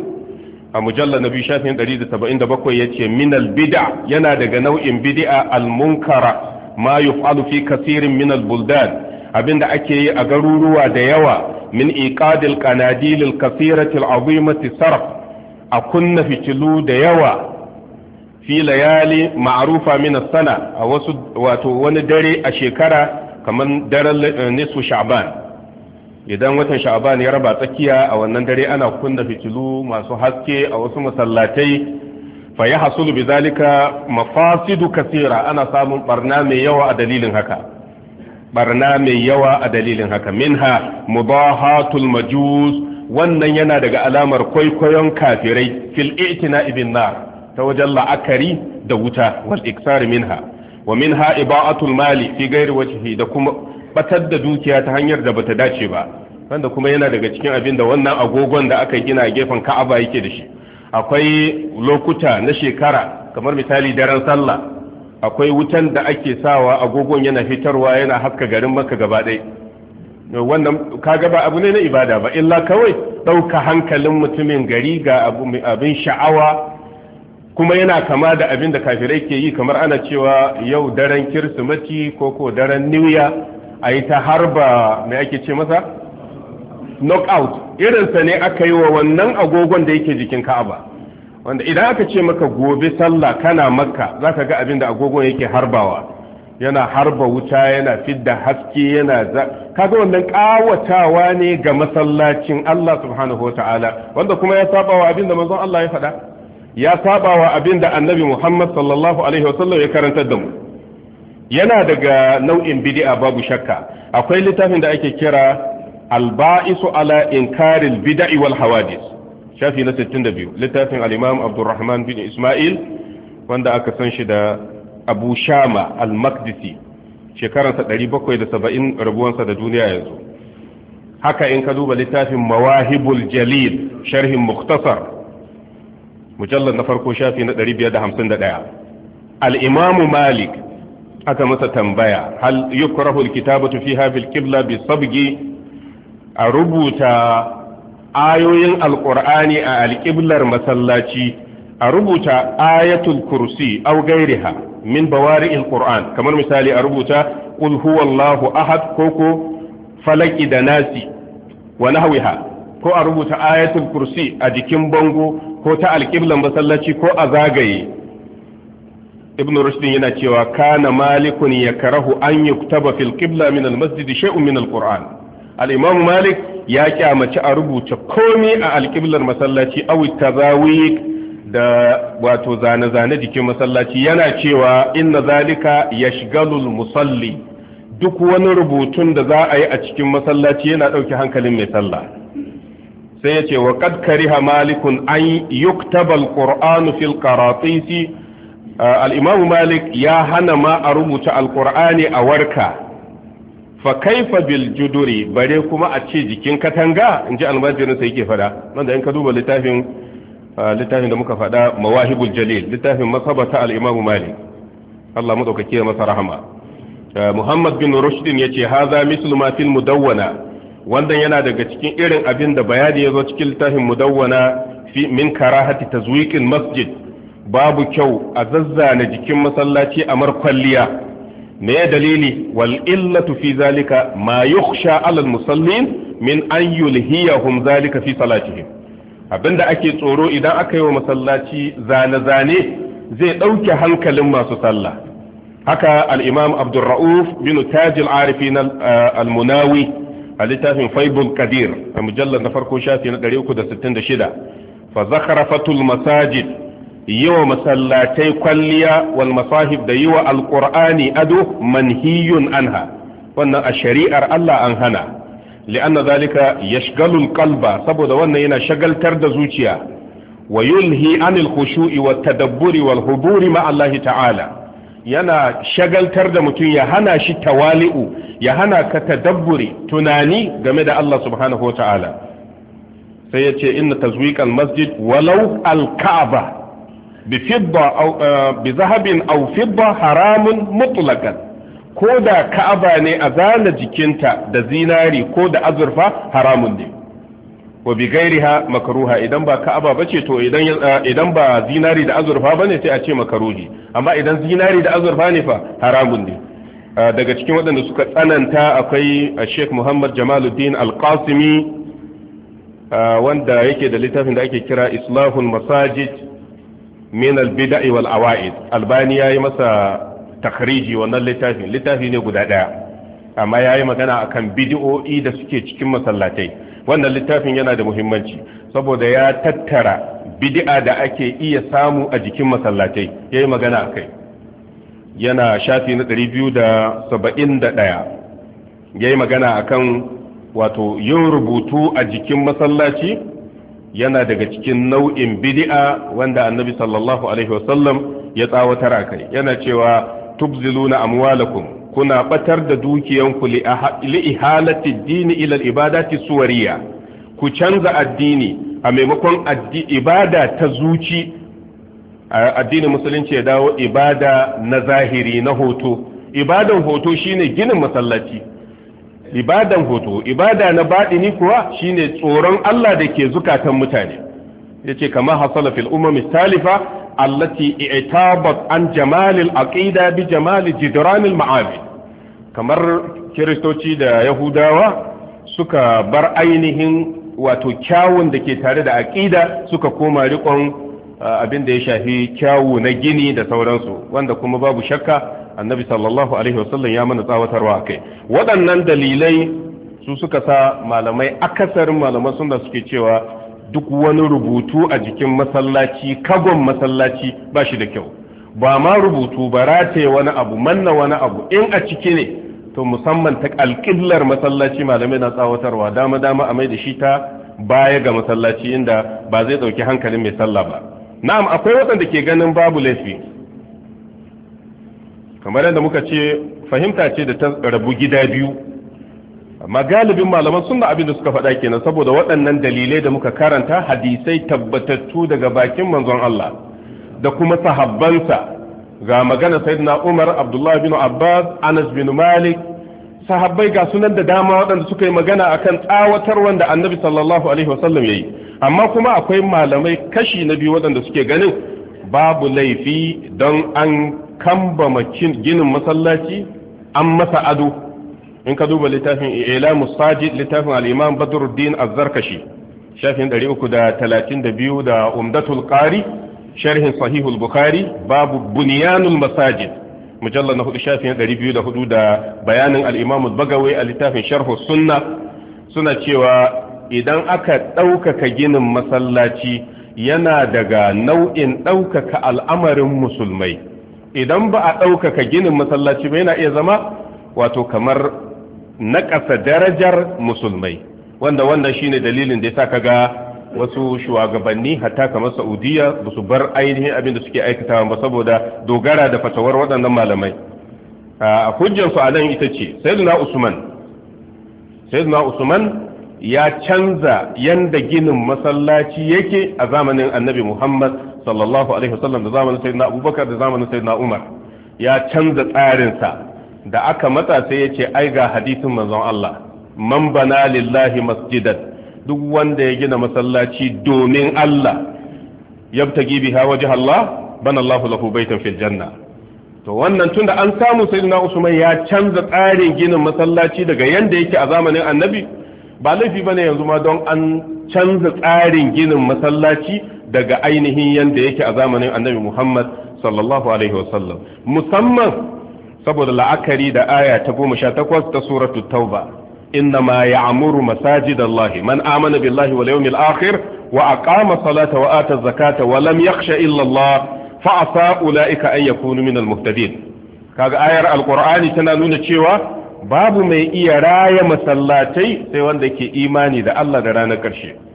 S1: a mujallar nabi shafin 177 ya ce minal bid'a yana daga nau'in bid'a al-munkara ma yuf'alu fi kasirin minal buldan abinda ake yi a garuruwa da yawa min iqadil qanadil al-kathirati al-azimati sarf a kunna fitilu da yawa fi layali ma'rufa min as-sana a wasu wato wani dare a shekara kaman daren eh, nisfu sha'ban idan watan sha'aban ya raba tsakiya a wannan dare ana kunna fitilu masu haske a wasu masallatai fa ya hasulu bi zalika mafasidu kasira ana samun barna mai yawa a dalilin haka barna mai yawa a dalilin haka minha mubahatul majus wannan yana daga alamar kwaikwayon kafirai fil i'tina ibn nar ta wajen la'akari da wuta wal iksar minha wa minha iba'atul mali fi ghairi wajhi da kuma batar da dukiya ta hanyar da bata dace ba wanda kuma yana daga cikin abin da wannan agogon da aka gina gefen Ka'aba yake da shi akwai lokuta na shekara kamar misali daren sallah akwai wutan da ake sawa agogon yana fitarwa yana haska garin maka gaba ɗai wannan kaga ba abu ne na ibada ba illa kawai ɗauka hankalin mutumin gari ga abin sha'awa kuma yana kama da abin da kafirai ke yi kamar ana cewa yau daren kirsimati ko ko daren niwya a yi ta harba mai ake ce masa knockout irinsa ne aka yi wa wannan agogon da yake jikin ka'aba wanda idan aka ce maka gobe sallah kana makka ka ga abin da agogon yake harbawa yana harba wuta yana fidda haske yana za kaga wannan kawatawa ne ga masallacin Allah subhanahu wataala wanda kuma ya saba abin da manzon Allah ya faɗa ya saba abin da annabi Muhammad sallallahu alaihi wasallam ya karantar da mu yana daga nau'in bid'a babu shakka akwai littafin da ake kira al-ba'isu ala inkaril bid'i wal hawadith shafi na 62 littafin al-imam abdurrahman bin isma'il wanda aka san shi da abu shama al-makdisi shekaransa 770 rabuwansa da duniya yanzu haka in ka duba littafin mawahibul jalil sharhin muktasar mujallar na farko shafi na 551 al-imamu malik aka masa tambaya hal yukrahu al-kitabatu fiha bil qibla bi sabgi a rubuta ayoyin alkur'ani a alƙiblar masallaci a rubuta ayatul kursi au gairiha min bawari'il qur'an kamar misali a rubuta qul huwallahu ahad koko falaki da nasi wa nahwiha ko a rubuta ayatul kursi a jikin bango ko ta alƙiblar masallaci ko a zagaye ibn rushd yana cewa kana malikun yakrahu an yuktaba fil qibla min al masjid shay'un min al qur'an al imam malik ya kyamaci a rubuta komi a alƙiblar masallaci awi tazawi da wato zane-zane jikin masallaci yana cewa inna zalika yashgalul musalli duk wani rubutun da za a yi a cikin masallaci yana ɗauki hankalin mai sallah sai ya ce wa qad kariha malikun an yuktaba alqur'anu fil qaratisi al-imam malik ya hana ma a rubuta alqur'ani a warka fa kaifa bil juduri bare kuma a ce jikin katanga in ji almajirin sai yake fada nan da in ka duba littafin littafin da muka fada mawahibul jalil littafin masabata al-imam malik Allah mu dauke masa rahama Muhammad bin Rushd ce haza mislu ma fil mudawwana wannan yana daga cikin irin abin da bayani yazo cikin littafin mudawwana fi min karahati tazwiqil masjid babu kyau a zazzana jikin masallaci a kwalliya me dalili wal illatu fi zalika ma yukhsha alal musallin min an yulhiyahum zalika fi salatihim abinda ake tsoro idan aka yi wa masallaci zane-zane zai ɗauke hankalin masu sallah haka al'imam abdurra'uf bin tajil arifi na eh, almunawi a littafin faibul kadir a mujallar na farko shafi na 366 fa fatul masajid yiwa masallatai kwalliya wal masahib da yiwa alqur'ani ado manhiyun anha wannan a shari'ar Allah an hana li'anna zalika yashgalul kalba saboda wannan yana shagaltar da zuciya wa yulhi anil khushu'i wat tadabburi wal huburi ma Allah ta'ala yana shagaltar da mutum ya hana shi tawali'u ya hana ka tadabburi tunani game da Allah subhanahu wa ta'ala sai ya ce inna tazwiqal masjid walau al-ka'ba bi zahabin au fidda haramun mutlakan ko da ka'aba ne a zana jikinta da zinari ko da azurfa haramun ne wa bi gairiha makaruha idan ba ka'aba bace to idan ba zinari da azurfa bane sai a ce makaruhi amma idan zinari da azurfa ne fa haramun ne daga cikin waɗanda suka tsananta akwai Sheikh Muhammad Jamaluddin Al-Qasimi wanda yake da littafin da ake kira Islahul Masajid minal al-bida'i wal awa'id albani yayi masa takhriji wannan littafin littafi ne guda ɗaya amma yayi magana akan bid'o'i da suke cikin masallatai wannan littafin yana da muhimmanci saboda ya tattara bid'a da ake iya samu a jikin masallatai yayi magana akai na shafi na 271 yayi magana akan wato yin rubutu a jikin masallaci yana daga cikin nau'in bid'a wanda annabi sallallahu alaihi wasallam ya tsawatar a kai yana cewa tubziluna amwalakum kuna batar da dukiyanku li ihalati dini ila ibadati suwariya ku canza addini a maimakon ibada ta zuci addinin musulunci ya dawo ibada na zahiri na hoto ibadan hoto shine ginin masallaci ibadan hoto ibada na baɗini kuwa shine tsoron Allah da ke zukatan mutane yace kama hasala fil umam talifa allati i'tabat an jamalil al aqida bi jamal jidran al kamar kiristoci da yahudawa suka bar ainihin wato kyawun da ke tare da aqida suka koma riƙon ah, abin da ya shafi kyawu na gini da sauransu wanda kuma babu shakka annabi sallallahu alaihi wasallam ya mana tsawatarwa kai waɗannan dalilai su suka sa malamai akasarin malaman sunna suke cewa duk wani rubutu a jikin masallaci kagon masallaci ba shi da kyau ba ma rubutu ba rataye wani abu manna wani abu in a ciki ne to musamman ta alƙillar masallaci malamai na tsawatarwa dama dama a mai da shi ta baya ga masallaci inda ba zai ɗauki hankalin mai sallah ba na'am akwai waɗanda ke ganin babu laifi kamar yadda muka ce fahimta ce da ta rabu gida biyu amma galibin malaman sunna abin da suka faɗa kenan saboda waɗannan dalilai da muka karanta hadisai tabbatattu daga bakin manzon Allah da kuma sahabbansa ga magana sayyidina Umar Abdullah bin Abbas Anas bin Malik sahabbai ga sunan da dama waɗanda suka yi magana akan tsawatar wanda annabi sallallahu alaihi wasallam yayi amma kuma akwai malamai kashi na biyu waɗanda suke ganin babu laifi don an kambama ginin masallaci an masa ado in ka duba littafin ila musajid littafin al-imam badruddin az shafin 332 da umdatul qari sharhin sahihul bukhari babu bunyanul masajid mujallar na hudu shafin 204 da bayanin al-imam a littafin sharhu sunna suna cewa idan aka ɗaukaka ginin masallaci yana daga nau'in ɗaukaka al'amarin musulmai idan ba a ɗaukaka ginin masallaci ba yana iya zama wato kamar naƙasa darajar musulmai wanda wannan shine dalilin da ya sa kaga wasu shugabanni hatta kamar saudiya ba su bar ainihin abin da suke aikatawa ba saboda dogara da fatawar waɗannan malamai a hujjansu a nan ita ce sayyidina usman sayyidina usman ya canza yanda ginin masallaci yake a zamanin annabi muhammad sallallahu alaihi wasallam da zamanin sayyidina abubakar da zamanin sayyidina umar ya canza tsarinsa da aka matsa sai ya ce ai ga hadisin manzon Allah man bana lillahi masjidan duk wanda ya gina masallaci domin Allah yabtagi biha wajh Allah bana Allah lahu baitan fil janna to wannan tunda an samu sayyidina Usman ya canza tsarin ginin masallaci daga yanda yake a zamanin Annabi ba laifi bane yanzu ma don an canza tsarin ginin masallaci daga ainihin yanda yake a zamanin annabi Muhammad sallallahu alaihi wasallam musamman saboda la'akari da aya ta goma sha takwas ta suratul tauba innama ya'muru masajidallahi man amana billahi wal yawmil akhir wa aqama salata wa ata zakata wa lam yakhsha illa Allah fa asa ulaika an yakunu minal muhtadin kaga ayar alqur'ani tana nuna cewa babu mai iya raya masallatai sai wanda ke imani da Allah da ranar ƙarshe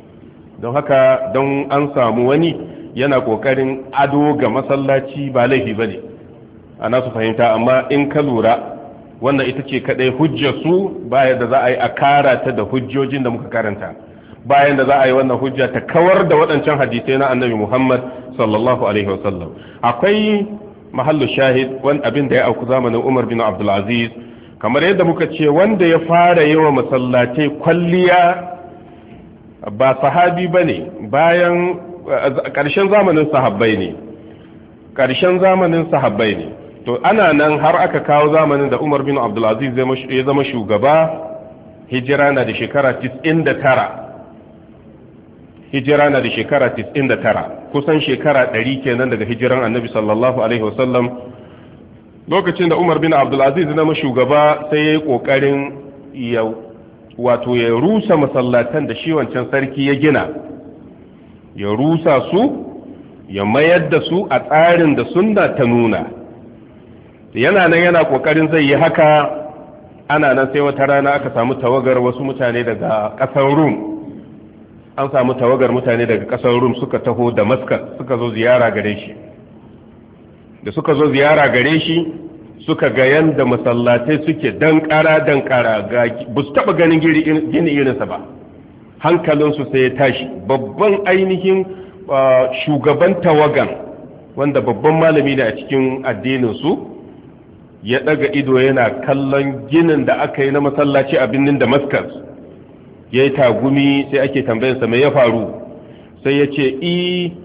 S1: don haka don an samu wani yana kokarin ado ga masallaci ba laifi ba ne a nasu fahimta amma in ka lura wannan ita ce kaɗai hujjarsu bayan da za a yi a karata da hujjojin da muka karanta bayan da za a yi wannan hujja ta kawar da waɗancan hadisai na annabi muhammad sallallahu alaihi wasallam akwai mahallu shahid wani abin da ya auku zamanin umar bin abdulaziz kamar yadda muka ce wanda ya fara yi wa masallatai kwalliya ba sahabi ba ne bayan eh, ƙarshen zamanin sahabbai ne ƙarshen zamanin sahabbai ne to ana nan har aka kawo zamanin da umar bin abdulaziz ya zama shugaba hijira na da shekara 99 hijira na da shekara 99 kusan shekara 100 kenan daga hijiran annabi sallallahu alaihi wasallam lokacin da umar bin abdulaziz zama shugaba sai ya yi ƙoƙarin ya wato ya rusa masallatan da shi wancan sarki ya gina ya rusa su ya mayar da su a tsarin da sunna ta nuna yana nan yana kokarin zai yi haka ana nan sai wata rana aka samu tawagar wasu mutane daga ƙasar rum an samu tawagar mutane daga ƙasar rum suka taho damascus suka zo ziyara gare shi da suka zo ziyara gare shi suka ga yanda masallatai suke dan dankara kara ga ba su taba ganin gini irinsa ba hankalinsu sai ya tashi babban ainihin uh, shugaban tawagan wanda babban malami ne a cikin addininsu ya daga ido yana kallon ginin da aka yi na masallaci a birnin damascus ya yi tagumi sai ake tambayarsa mai ya faru sai ya ce i eh,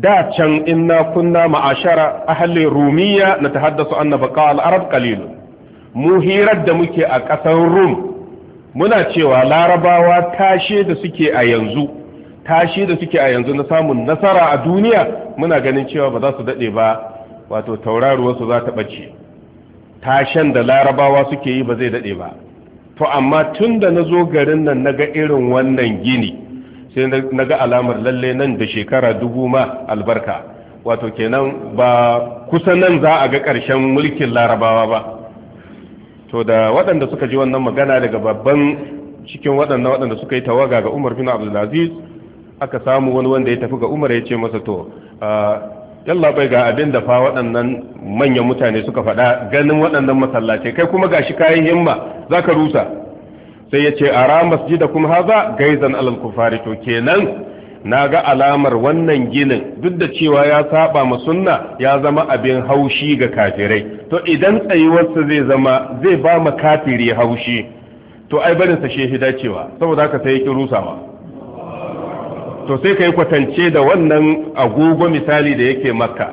S1: da can inna kunna ma'ashara ahalin rumiya na ta haddasa annaba baka arab kalilu mu hirar da muke a ƙasar rum muna cewa larabawa tashe da suke a yanzu tashe da suke a yanzu na samun nasara a duniya muna ganin cewa ba za su daɗe ba wato tauraruwarsu za ta ɓace tashen da larabawa suke yi ba zai daɗe ba to amma tun da na zo garin nan na ga irin wannan gini sai na ga alamar lalle nan da shekara dubu ma albarka wato kenan ba kusa nan za a ga ƙarshen mulkin larabawa ba to da waɗanda suka ji wannan magana daga babban cikin waɗannan waɗanda suka yi tawaga ga umar bin abdulaziz aka samu wani wanda ya tafi ga umar ya ce masa to ah, yalla bai ga abin da fa waɗannan manyan mutane suka faɗa ganin waɗannan masallatai kai kuma ga shi kayan himma za ka rusa sai ya ce a ji da kuma haza gaizan alal kufari to kenan na ga alamar wannan ginin duk da cewa ya saba ma sunna ya zama abin haushi ga kafirai to idan tsayuwarsa zai zama zai ba ma kafiri haushi to ai barin sa shehi dacewa saboda haka sai ya rusawa to sai kai kwatance da wannan agogo misali da yake maka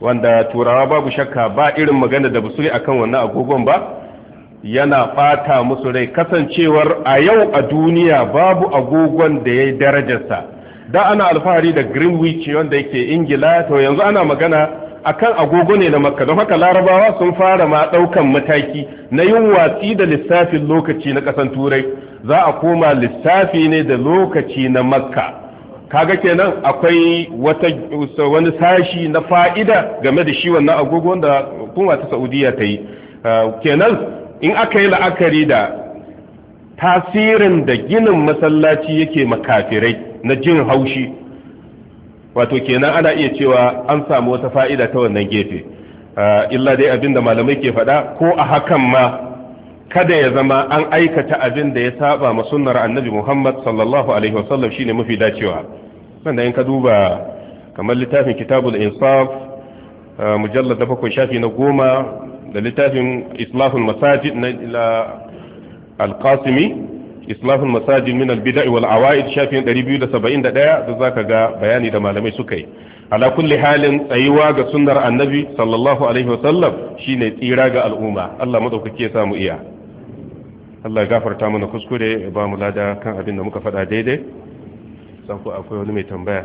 S1: wanda turawa babu shakka ba irin magana da busuri akan wannan agogon ba yana ɓata musu rai kasancewar a yau a duniya babu agogon da ya yi darajarsa da ana alfahari da greenwich wanda yake ingila to yanzu ana magana akan agogo ne na makka don haka larabawa sun fara ma ɗaukan mataki na yin watsi da lissafin lokaci na kasan turai za a koma lissafi ne da lokaci na makka kaga kenan akwai wata wani sashi na fa'ida game da shi wannan agogo da kuma ta saudiya ta yi kenan in aka yi la'akari da tasirin da ginin masallaci yake makafirai na jin haushi wato kenan ana iya cewa an samu wata fa'ida ta wannan gefe ah, illa dai abin da malamai ke faɗa ko a hakan ma kada ya zama an aikata abin da ya saba ma sunnar annabi muhammad sallallahu alaihi wasallam shine mafi dacewa wanda in ka duba kamar littafin kitabul insaf ah, mujallar da bakwai shafi na goma da littafin islahul masajid na ila alkasimi islahul masajid min albida wal awaid shafin 271 da zaka ga bayani da malamai suka yi ala kulli halin tsayuwa ga sunnar annabi sallallahu alaihi wa sallam shine tsira ga al'umma Allah madaukake ya samu iya Allah ya gafarta mana kuskure ba mu lada kan abin da muka faɗa daidai san ku akwai wani mai tambaya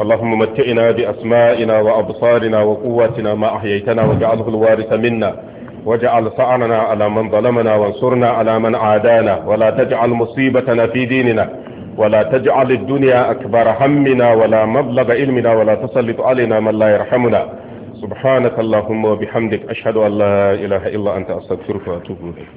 S1: اللهم متئنا بأسمائنا وأبصارنا وقواتنا ما أحييتنا وجعله الوارث منا واجعل صعننا على من ظلمنا وانصرنا على من عادانا ولا تجعل مصيبتنا في ديننا ولا تجعل الدنيا أكبر همنا ولا مبلغ علمنا ولا تسلط علينا من لا يرحمنا سبحانك اللهم وبحمدك أشهد أن لا إله إلا أنت أستغفرك وأتوب إليك